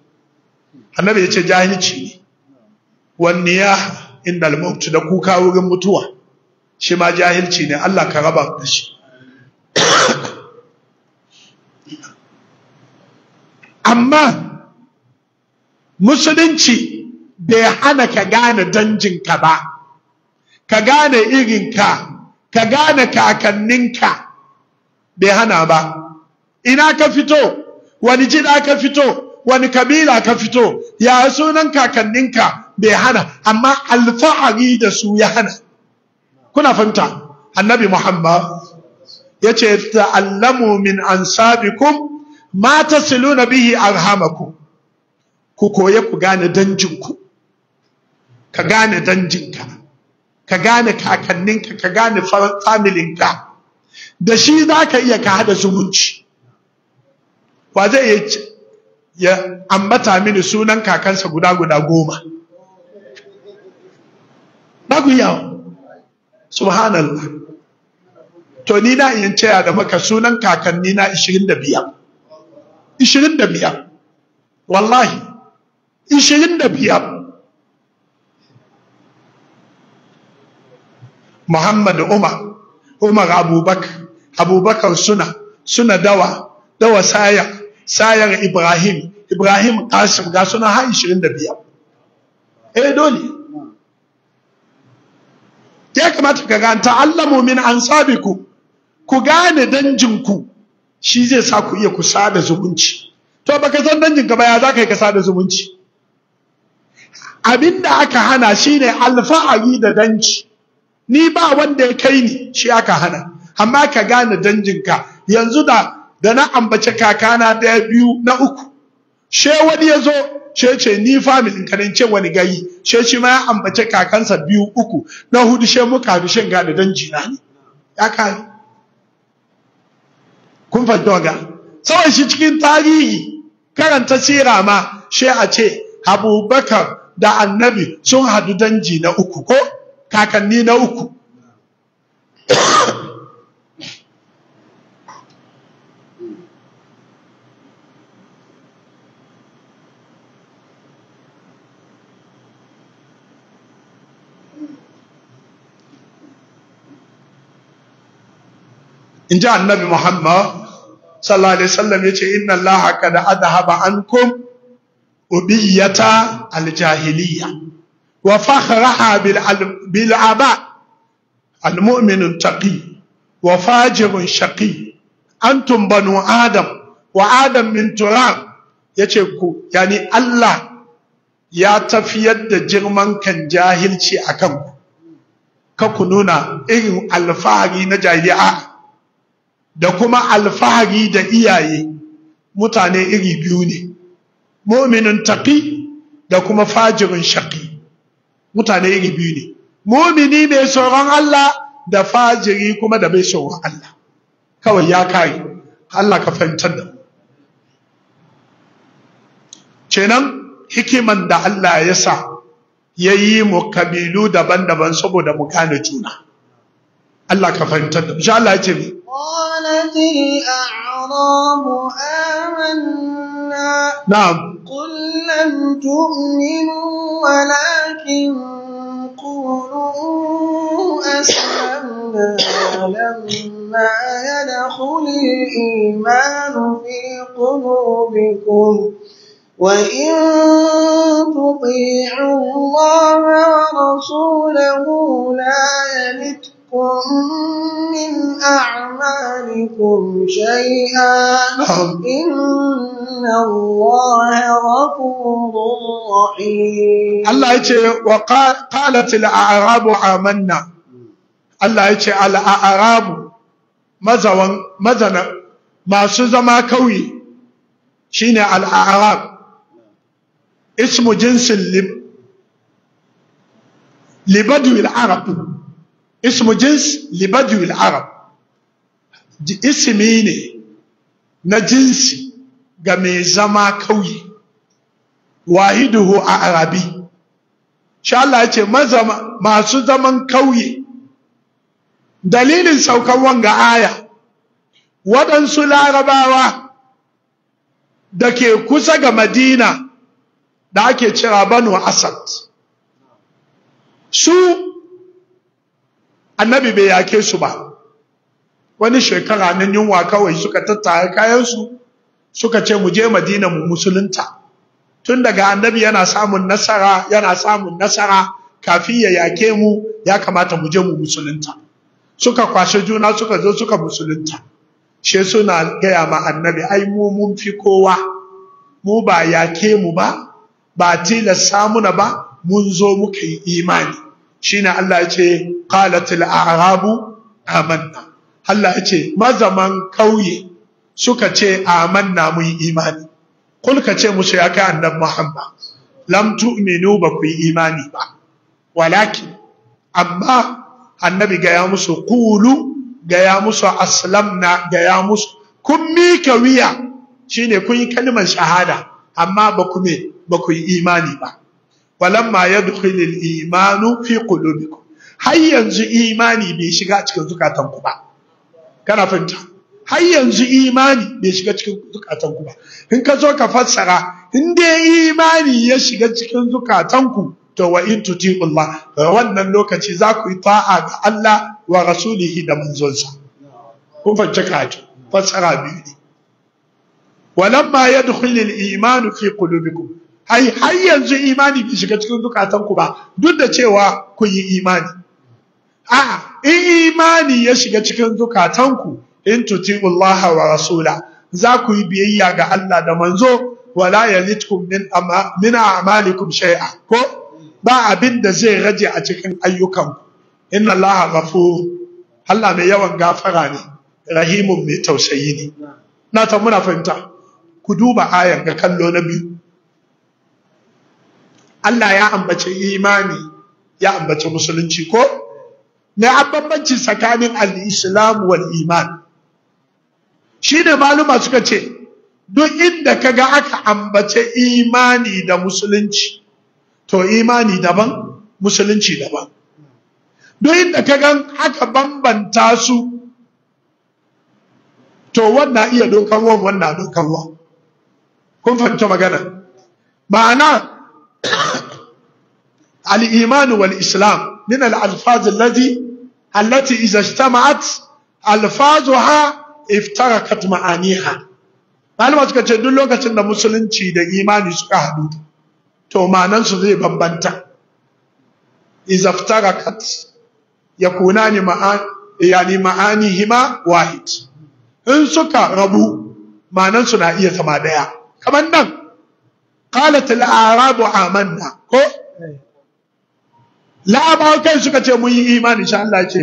annabi ya ce jahilci ne wanne ya inda al-maut da kuka wurin mutuwa shi ma jahilci ne Allah ka raba da shi amma musulunci bai hana ka gane danjinka ba ka gane irinka ka gane kakanninka bai hana ba ina ka fito wani jina ka fito wani kabila ka fito ya sunan kakanninka bai hana amma alfahari da su ya hana kuna fahimta annabi muhammad ya ce ta'allamu min ansabikum ma tasiluna bihi arhamaku ku koye ku gane danjinku ka gane danjinka ka gane kakanninka ka gane familinka da shi za ka iya ka hada zumunci wa zai ya ambata mini sunan kakansa guda guda goma na ku subhanallah to ni na iya ceya da maka sunan kakanni na 25 ishirin da biyar wallahi ishirin da biyar muhammad umar umar abubakar abubakar suna suna dawa dawa sayar sayar ibrahim ibrahim kasim ga suna har ishirin da biyar eh dole ya kamata ka ganta Allah mumin an sabiku ku gane danjinku shi zai sa ku iya ku sada zumunci to baka san danjin ka ba ya zaka yi ka sada zumunci abinda aka hana shine alfa'ari da danci ni ba wanda ya kai ni shi aka hana amma ka gane dangin ka. yanzu da da na ambace kakana daya biyu na uku she wani ya zo she ce ni family ka ce wani gayi she shi ma ya ambace kakansa biyu uku na hudu she muka hadu shin ga da danji na ne ya kun fanta waga saboda shi cikin tarihi karanta sira ma shi a ce abubakar da annabi sun hadu danji na uku ko kakanni na uku in ji annabi muhammad sallallahu alaihi wasallam yace inna allaha da adhaba ankum ubiyata aljahiliya wa fakhraha bil bil aba almu'min taqi wa fajirun shaqi antum banu adam wa adam min turab yace ku yani allah ya tafiyar da girman kan jahilci akan ku ka ku nuna irin alfahari na jahiliya da kuma alfahari da iyaye mutane iri biyu ne muminin tafi da kuma fajirin shaƙi mutane iri biyu ne mumini mai tsoron Allah da fajiri kuma da bai tsoron Allah kawai ya kare Allah ka fahimtar da kenan hikiman da Allah ya sa ya yi mu kabilu daban-daban saboda mu gane juna Allah ka fahimtar da insha Allah ya ce قالت الأعراب آمنا نعم قل لم تؤمنوا ولكن قولوا أسلمنا لما يدخل الإيمان في قلوبكم وإن تطيعوا الله ورسوله لا يلتكم تلهكم من أعمالكم شيئا إن الله غفور رحيم الله يجي وقالت الأعراب آمنا الله يجي الأعراب مزون مزن ما سزما كوي شين الأعراب اسم جنس لبدو العرب ismu jins libadiyul arab Isimi ne na jinsi ga mai zama kauye wahiduhu a arabi shi Allah ya ce masu zaman kauye dalilin saukan wanga aya waɗansu larabawa da ke kusa ga madina da ake cira banu asad su annabi bai yake su ba wani shekara nan yunwa kawai suka tattara kayansu suka ce mu je madina mu musulunta tun daga annabi yana samun nasara yana samun nasara kafin ya yake mu ya kamata mu je mu musulunta suka kwashe juna suka zo suka musulunta she suna gaya ma annabi ai mu mun fi kowa mu ba yake mu ba ba tilasta muna ba mun zo muka yi imani shine Allah yace qalatil a'rabu amanna Allah yace mazaman kauye suka ce amanna mun imani kul kace ce musu ya kai annab Muhammad lam tu'minu ba ku yi imani ba walakin amma annabi gaya musu kulu gaya musu aslamna gaya musu kun mika wiya shine kun yi kalmar shahada amma ba ku me ba ku yi imani ba falamma yadkhulu al-imanu fi qulubikum har yanzu imani bai shiga cikin zukatan ku ba kana fahimta har yanzu imani bai shiga cikin zukatan ku ba in ka zo ka fassara in dai imani ya shiga cikin zukatan ku to wa in tuti'ullah wannan lokaci za ku yi ta'a ga Allah wa rasulihi da manzonsa kun fahimci karatu fassara biyu ne walamma yadkhulu al-imanu fi qulubikum hai har yanzu imani bai shiga cikin zukatanku ba duk da cewa ku yi imani a in imani ya shiga cikin zukatanku in Allah wa rasula za ku yi biyayya ga Allah da manzo wala yalitkum min ama, min a'malikum shay'a ko ba abin da zai rage a cikin ayyukan inna Allah ghafur Allah mai yawan gafara ne rahimun mai tausayi ne na ta muna fahimta ku duba ayan ga kallo na biyu Allah ya ambace imani ya ambace musulunci ko ne an tsakanin al-islam wal iman ne maluma suka ce duk inda kaga aka ambace imani da musulunci to imani daban musulunci daban duk inda kaga aka bambanta su to wannan iya dokan wannan dokan wa. kun fahimta magana ma'ana الإيمان والإسلام من الألفاظ التي التي إذا اجتمعت ألفاظها افترقت معانيها malama suka ce duk lokacin da musulunci da imani suka haɗu to manansu zai bambanta izaftarakat yakunani ma'an yani ma'anihima wahid in suka rabu manansu na iya zama ɗaya. kamar nan qalat al-arabu ko larabawa kai suka ce mun yi imani sha Allah ce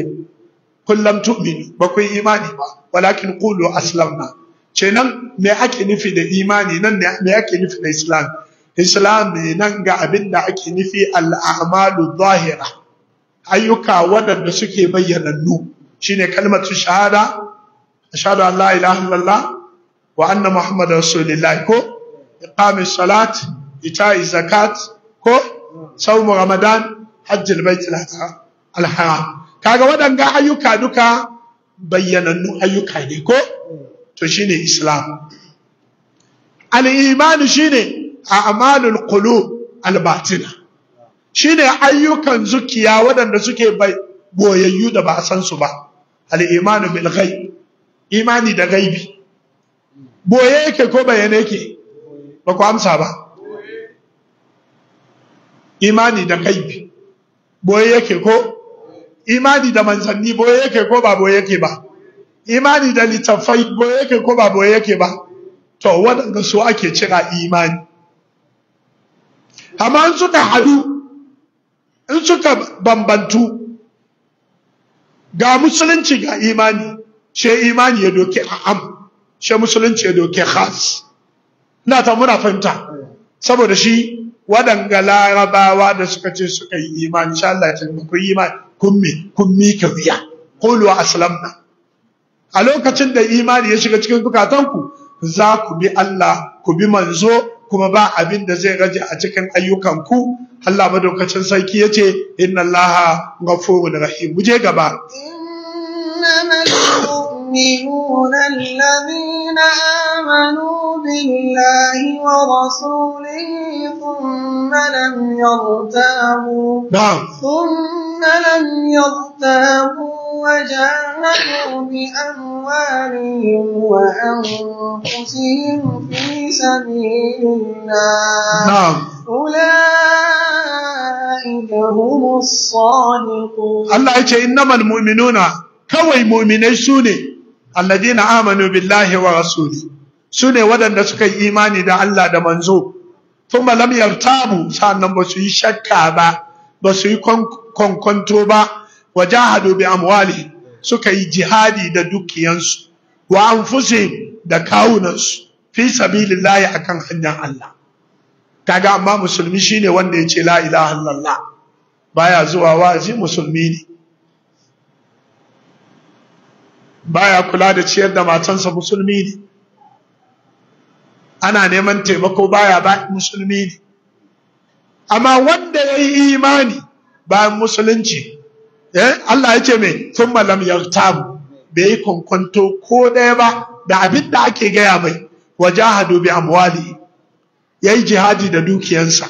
kullum tu'minu ba ku yi imani ba walakin qulu aslamna ce nan me ake nufi da imani nan me ake nufi da islam islam ne nan ga abin da ake nufi al'amalu zahira ayyuka waɗanda suke bayyanannu shine kalmatu shahada ashhadu an la ilaha illallah wa anna muhammadar rasulillah ko iqamis salat ita'i zakat ko saumu ramadan hajjul ta alharam kaga waɗanga ayyuka duka bayyanannu ayyuka ne ko to shine islam al-iman shine a'malul qulub al-batina shine ayyukan zukiya waɗanda suke bai boyayyu da ba a san su ba al-iman bil ghaib imani da gaibi boye yake ko bayane yake ba ku amsa ba imani da gaibi boye yake ko imani da manzanni boye yake ko ba boye yake ba imani da littafai boye yake ko ba boye yake ba to wadanda su ake cira imani amma in suka hadu in suka bambantu ga musulunci ga imani she imani ya doke am she musulunci ya doke khas na ta muna fahimta saboda shi waɗanga larabawa da suka ce suka yi imani insha Allah ya tabbata ku imani kun mi kun mi kawiya qulu aslamna a lokacin da imani ya shiga cikin ku za ku bi Allah ku bi manzo kuma ba abin da zai rage a cikin ayyukanku Allah madaukacin sarki yace inna Allaha ghafurur rahim muje gaba المؤمنون الذين آمنوا لم يرتابوا نعم ثم لم يرتابوا وجاهدوا بأموالهم وأنفسهم في سبيل الله نعم أولئك هم الصادقون الله يجي إنما المؤمنون كوي مؤمنين سوني الذين آمنوا بالله ورسوله سوني ودن سكي إيماني دا الله دا منزوب thumma lam yartabu sa'annan ba su yi shakka ba ba su yi kwankwanto ba wajahadu bi amwali suka yi jihadi da dukiyansu wa anfusihim da kawunansu fi sabilillahi akan hanyar Allah kaga amma musulmi shine wanda ya ce la ilaha illallah baya zuwa wazi musulmi ne baya kula da ciyar da matansa musulmi ne ana neman taimako baya ba musulmi ne amma wanda ya yi imani bayan musulunci eh Allah yake mai thumma lam yartab bai yi kwankwanto ko ɗaya ba da abin da ake gaya mai wajahadu bi amwali yayi jihadi da dukiyansa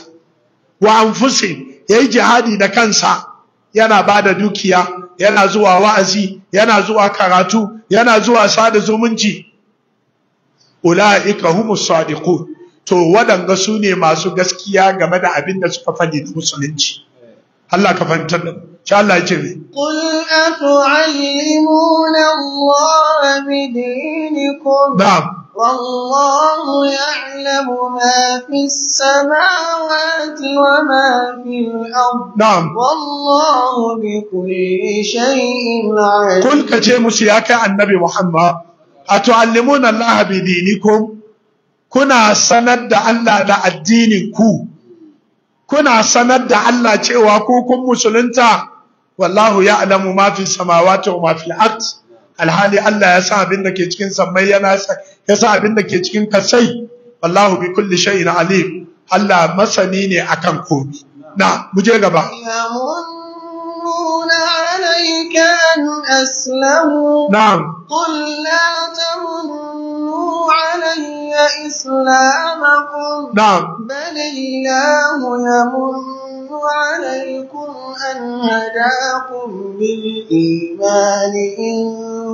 wa anfusi yayi jihadi da kansa yana bada dukiya yana zuwa wa'azi yana zuwa karatu yana zuwa sada zumunci ula'ika humus sadiqun to waɗanga su ne masu gaskiya game da abin da suka fadi na musulunci Allah ka fantar da sha Allah ya ce ne qul atu'allimuna Allah bi na'am والله يعلم ما في السماوات وما في الأرض نعم والله بكل شيء عليم قل كجي مسياك النبي محمد a tu'allimuna Allah bi dinikum kuna sanar da Allah da addinin ku kuna sanar da Allah cewa ku kun musulunta wallahu ya'lamu ma fi samawati wa ma fil ard alhali Allah ya sa abin da ke cikin sammai yana ya sa abin da ke cikin kasai wallahu bi kulli shay'in alim Allah masani ne akan komai na muje gaba أن أسلموا نعم قل لا تمنوا علي إسلامكم نعم بل الله يمن عليكم أن هداكم بالإيمان إن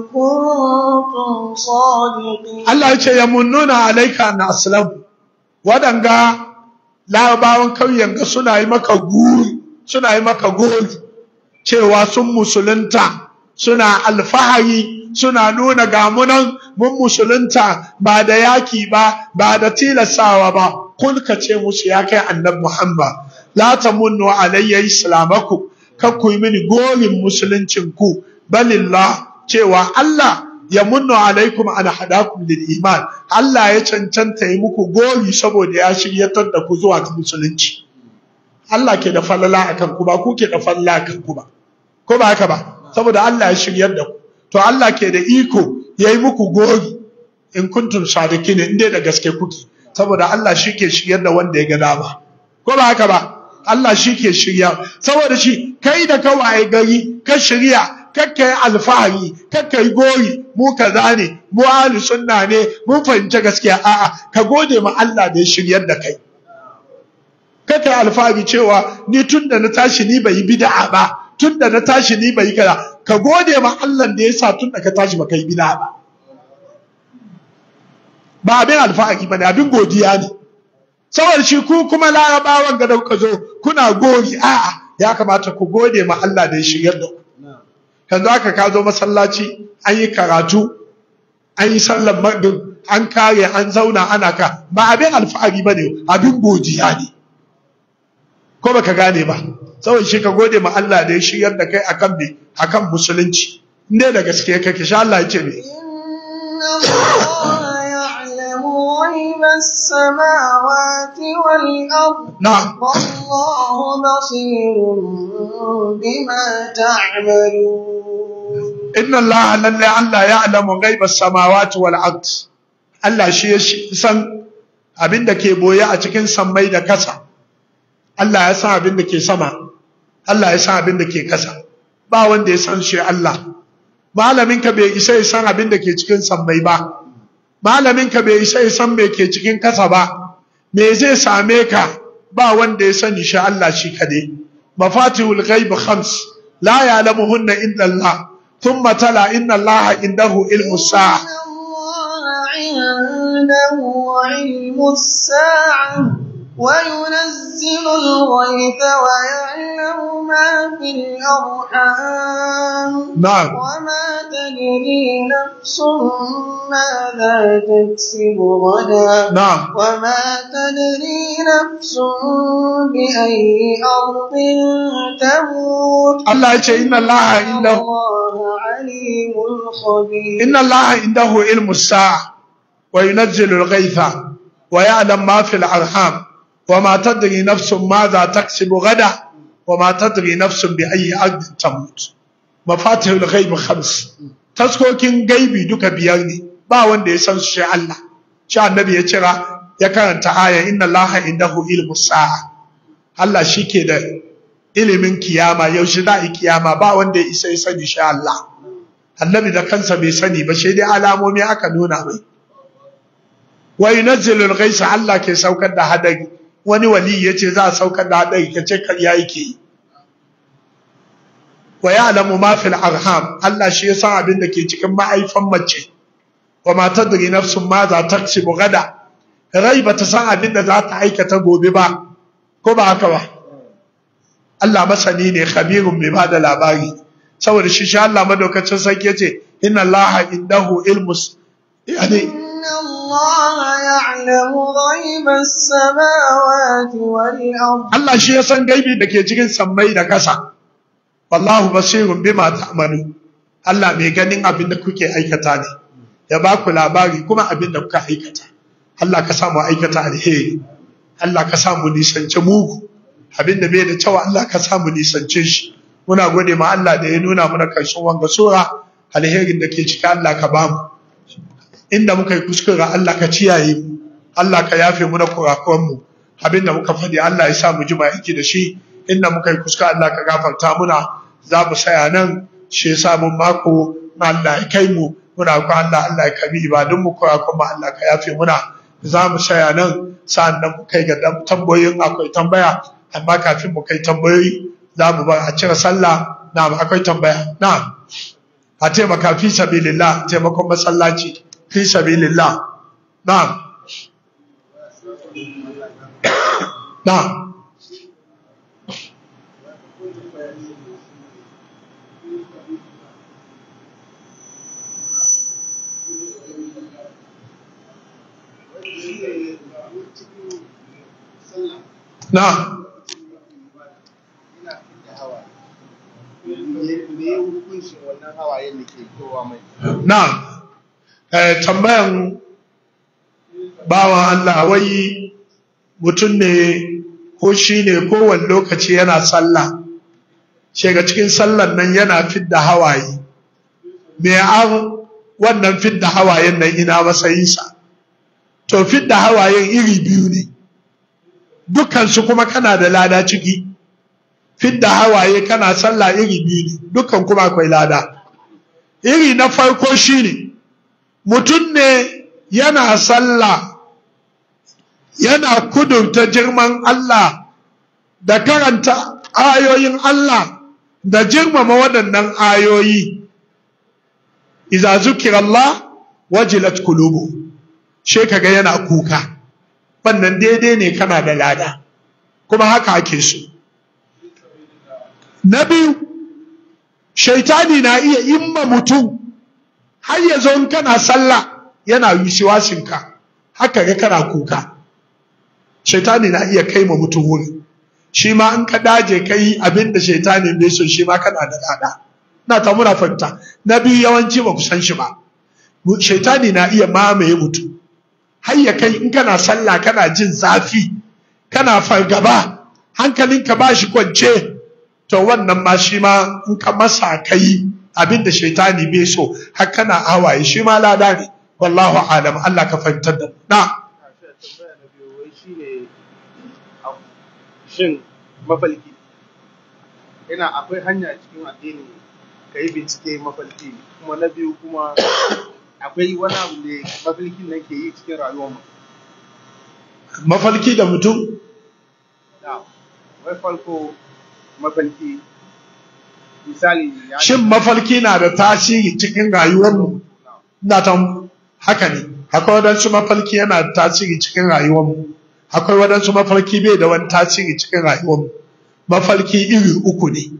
كنتم صادقين الله يمنون عليك أن أسلموا ودنقا لا kauyen كوي suna yi maka guri suna yi maka gori cewa sun musulunta suna alfahari suna nuna gamunan mun musulunta ba da yaki ba ba da tilasawa ba kun ka ce musu ya kai annab muhammad la munnu alayya islamaku kar ku yi mini gorin musuluncin ku balillah cewa Allah ya munnu alaikum an hadakum lil iman Allah ya cancanta yi muku gori saboda ya shiryatar da ku zuwa ga musulunci Allah ke da falala a kanku ba ku ke da falala a ku ba ko ba haka ba saboda Allah ya shiryar da ku to Allah ke da iko yayi muku gori in kuntum sadiqin in dai da gaske kuke saboda Allah shi ke shiryar da wanda ya ga dama ko ba haka ba Allah shi ke shirya saboda shi kai da kawaye gari ka shirya kakka yi alfahari kakka yi gori, mu kaza ne mu ahli sunna ne mun fahimci gaskiya a'a ka gode ma Allah da ya shiryar da kai kaka alfahari cewa ni tun da na tashi ni bai yi da'a ba tun da na tashi ni bai yi kaza ka gode ma Allah da ya sa tun da ka tashi ba kai bid'a ba ba abin alfahari ba ne abin godiya ne saboda shi ku kuma larabawan ga dauka zo kuna gori a'a ya kamata ku gode ma Allah da ya shigar da ku Kanzu haka ka zo masallaci an yi karatu an yi sallar maghrib an kare an zauna ana ka ba abin alfahari ba ne abin godiya ne ko baka gane ba saboda shi ka gode ma Allah da ya shiryar da kai akan bi akan musulunci inde da gaskiya ka kisha Allah ya ce ne inna Allah lalle Allah ya alamu ghaibas samawati wal ard Allah shi san abinda ke boye a cikin sammai da kasa Allah ya san abin da ke sama Allah ya san abin da ke kasa ba wanda ya san shi Allah malaminka bai isa ya san abin da ke cikin sammai ba malaminka bai isa ya san me ke cikin kasa ba me zai same ka ba wanda ya san shi Allah shi kade mafatihul ghaib khams la ya'lamuhunna illa Allah thumma tala inna Allah indahu ilmu sa'a عنده علم الساعه وينزل الغيث ويعلم ما في الأرحام نعم وما تدري نفس ماذا تكسب غدا نعم وما تدري نفس بأي أرض تموت الله إن الله عنده عليم خبير إن الله عنده علم الساعة وينزل الغيث ويعلم ما في الأرحام wa ma tadri nafsun ma za taksibu gada wa ma tadri nafsun bi ayyi ardin tamut mafatihul ghaib khams taskokin gaibi duka biyar ne ba wanda ya san su sai Allah shi annabi ya cira ya karanta aya inna allaha indahu ilmu sa'a Allah shike da ilimin kiyama yaushe da kiyama ba wanda ya isa ya sani shi Allah annabi da kansa bai sani ba sai dai alamomi aka nuna mai wa yunazzilu al-ghaysa Allah ke saukar da haɗari. wani wali ya ce za a saukar da haɗari ta ce karya yake yi wa ya alamu ma fil arham Allah shi ya san abin da ke cikin ma'aifan mace wa matar da nafsun ma za ta ci bugada rai ba ta san abin da za ta aikata gobe ba ko ba haka ba Allah masani ne khabirun mai ba da labari saboda shi shi Allah madaukacin sarki ya ce inna Allah indahu ilmus yani Allah shi ya san gaibi da ke cikin يسن da kasa wallahu basirun دكسا والله Allah mai ganin abin da kuke aikata ne ya ba ku labari kuma abin da kuka aikata Allah ka samu aikata alheri Allah ka samu nisanci mugu abin da bai da cewa Allah ka samu nisance shi muna gode ma Allah da ya nuna mana karshen wanga sura alherin da ke cika Allah ka bamu inda muka yi kuskure Allah ka ciyaye mu Allah ka yafe mu na kurakuran mu abinda muka faɗi Allah ya sa mu ji aiki da shi inda muka yi kuskure Allah ka gafarta muna za mu saya nan shi sa mun mako Allah ya kai mu muna ku Allah Allah ya kabi ibadun mu kurakuran mu Allah ka yafe muna za mu saya nan sa'an nan mu kai ga tambayoyin akwai tambaya amma kafin mu kai tambayoyi za mu bar a cire sallah na akwai tambaya na a taimaka fi sabilillah taimakon masallaci في سبيل الله نعم نعم نعم نعم Eh, tambayan bawan Allah wai mutum ne ko shi ne kowane lokaci yana sallah shiga cikin sallan nan yana fidda hawaye me an wannan fidda hawayen nan ina matsayinsa to fidda hawayen iri biyu ne dukansu kuma kana da lada ciki fidda hawaye kana sallah iri biyu ne dukan kuma akwai lada iri na farko shine mutum ne yana sallah yana kudurta girman Allah da karanta ayoyin Allah da girmama waɗannan ayoyi izazukir Allah wajilat kulubu she kaga yana kuka wannan daidai ne kana da lada kuma haka ake so na biyu shaitani na iya imma mutum har ya zo kana sallah yana ka. haka ga kana kuka shaitani na iya kai ma mutum wuri shi ma in ka daje kai abinda abin da shaitani bai so shi ma kana da dada na ta muna fanta na biyu yawanci ba ku san shi ba shaitani na iya mamaye mutum har ya kai in kana sallah kana jin zafi kana fargaba hankalinka ba shi kwance to wannan ma shi ma in ka masa kai abin da shaitani bai so har kana hawaye shi ma lada ne wallahu alam Allah ka fahimtar da na mafalki wani abu da mafalkin nan yi cikin mafalki mutum na wai falko mafalki shin mafalki na da tasiri cikin rayuwarmu na ta haka ne akwai wadansu mafarki yana da tasiri cikin rayuwarmu akwai wadansu mafarki bai da wani tasiri cikin rayuwarmu mafarki iri uku ne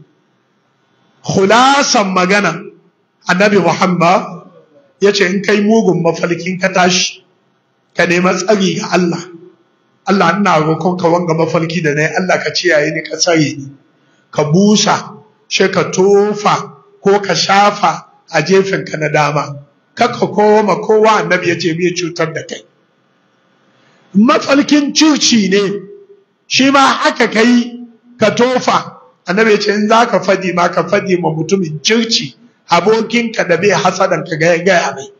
khulasan magana annabi muhammad ya ce in kai mugun mafarkin ka tashi ka nema tsari ga allah allah ina roƙon ka wanga mafalki da na allah ka ciyaye ni ka tsare ni ka busa sai ka tofa ko ka shafa a ka na dama kaka koma kowa annabi ya ce bai cutar da kai mafalkin cuci ne shi ma haka kai ka tofa annabi ya in za ka fadi ma ka fadi ma mutumin circi abokinka da bai hasadan ka gaya gaya mai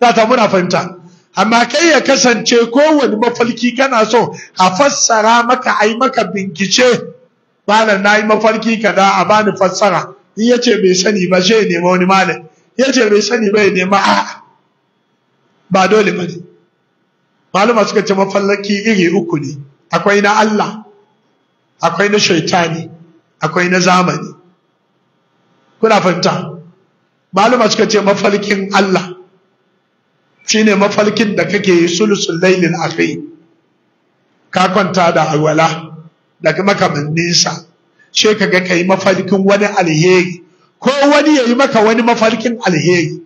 za ta muna fahimta amma kai ya kasance kowane mafalki kana so a fassara maka ai maka bincike malam na yi mafarki kaza a bani fassara in ya ce bai sani ba zai nema wani malam ya ce bai sani ba ya nema a ba dole ba ne maluma suka ce mafarki iri uku ne akwai na Allah akwai na shaitani akwai na zamani kuna fahimta maluma suka ce mafarkin Allah shine mafarkin da kake yi sulusul lailin akhir ka kwanta da alwala daga makamanninsa sai ka ga kai mafarkin wani alheri ko wani ya maka wani mafarkin alheri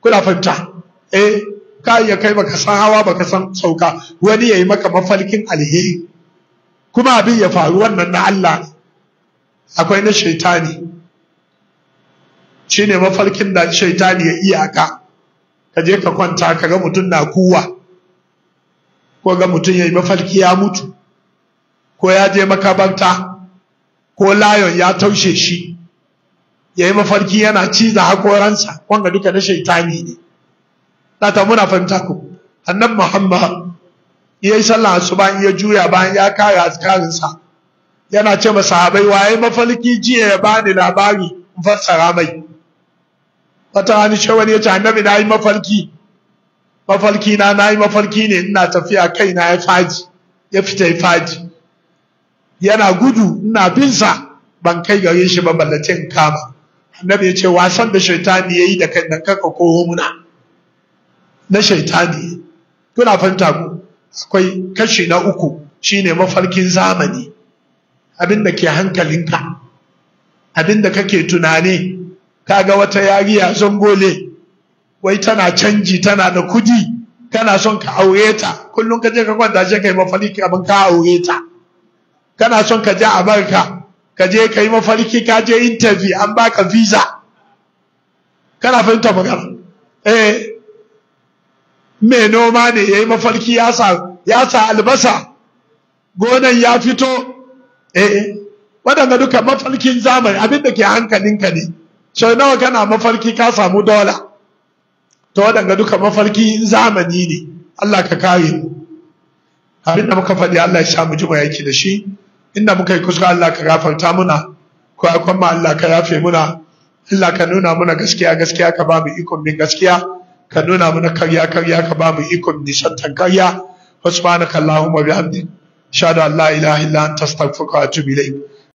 kuna fahimta eh ka iya kai baka san hawa baka san sauka wani yayi yi maka mafarkin alheri kuma abin ya faru wannan na Allah akwai na shaitani shine mafarkin da shaitani ya iyaka ka je ka kwanta ka ga mutum na kuwa ko ga mutum yayi yi mafarki ya mutu ko ya je makabarta ko layon ya taushe shi ya yi mafarki yana ci da haƙoransa wanda duka na shaitani ne ta muna fahimta ku annabi muhammad ya yi sallah su bayan ya juya bayan ya kare azkarinsa yana ce masahabai yi mafarki jiya ya bani labari in fassara mai wata rani ce wani ya ce annabi na yi mafarki mafarki na na yi mafarki ne ina tafiya kaina ya faji ya fita ya faji yana gudu ina binsa ban kai gare shi ba ballacin kama annabi ya ce wasan da shaitani yayi da kai nan kaka ko muna na shaitani kuna fanta ku akwai kashi na uku shine mafarkin zamani abinda ke hankalinka abinda kake tunani kaga wata yariya zongole wai tana canji tana da kudi kana son ka aure ta kullum ka je ka kwanta je kai mafarki abin ka aure ta kana son ka je America ka je ka yi mafarki ka je interview an baka visa kana fahimta magana eh me noma ne yayi mafarki ya sa ya sa albasa gonan ya fito eh waɗanda duka mafarkin zamani abin da ke hankalinka ne sau nawa kana mafarki ka samu dola ta waɗanda duka mafarki zamani ne Allah ka kare mu abin da muka faɗi Allah ya sha mu jima yake da shi inda muka yi kuskure Allah ka gafarta muna ko akon mu Allah ka yafe muna Allah ka nuna muna gaskiya gaskiya ka ba mu ikon bin gaskiya ka nuna muna karya karya ka ba mu ikon nisantan karya subhanaka allahumma bihamdik shada la ilaha illa anta astaghfiruka wa atubu ilayk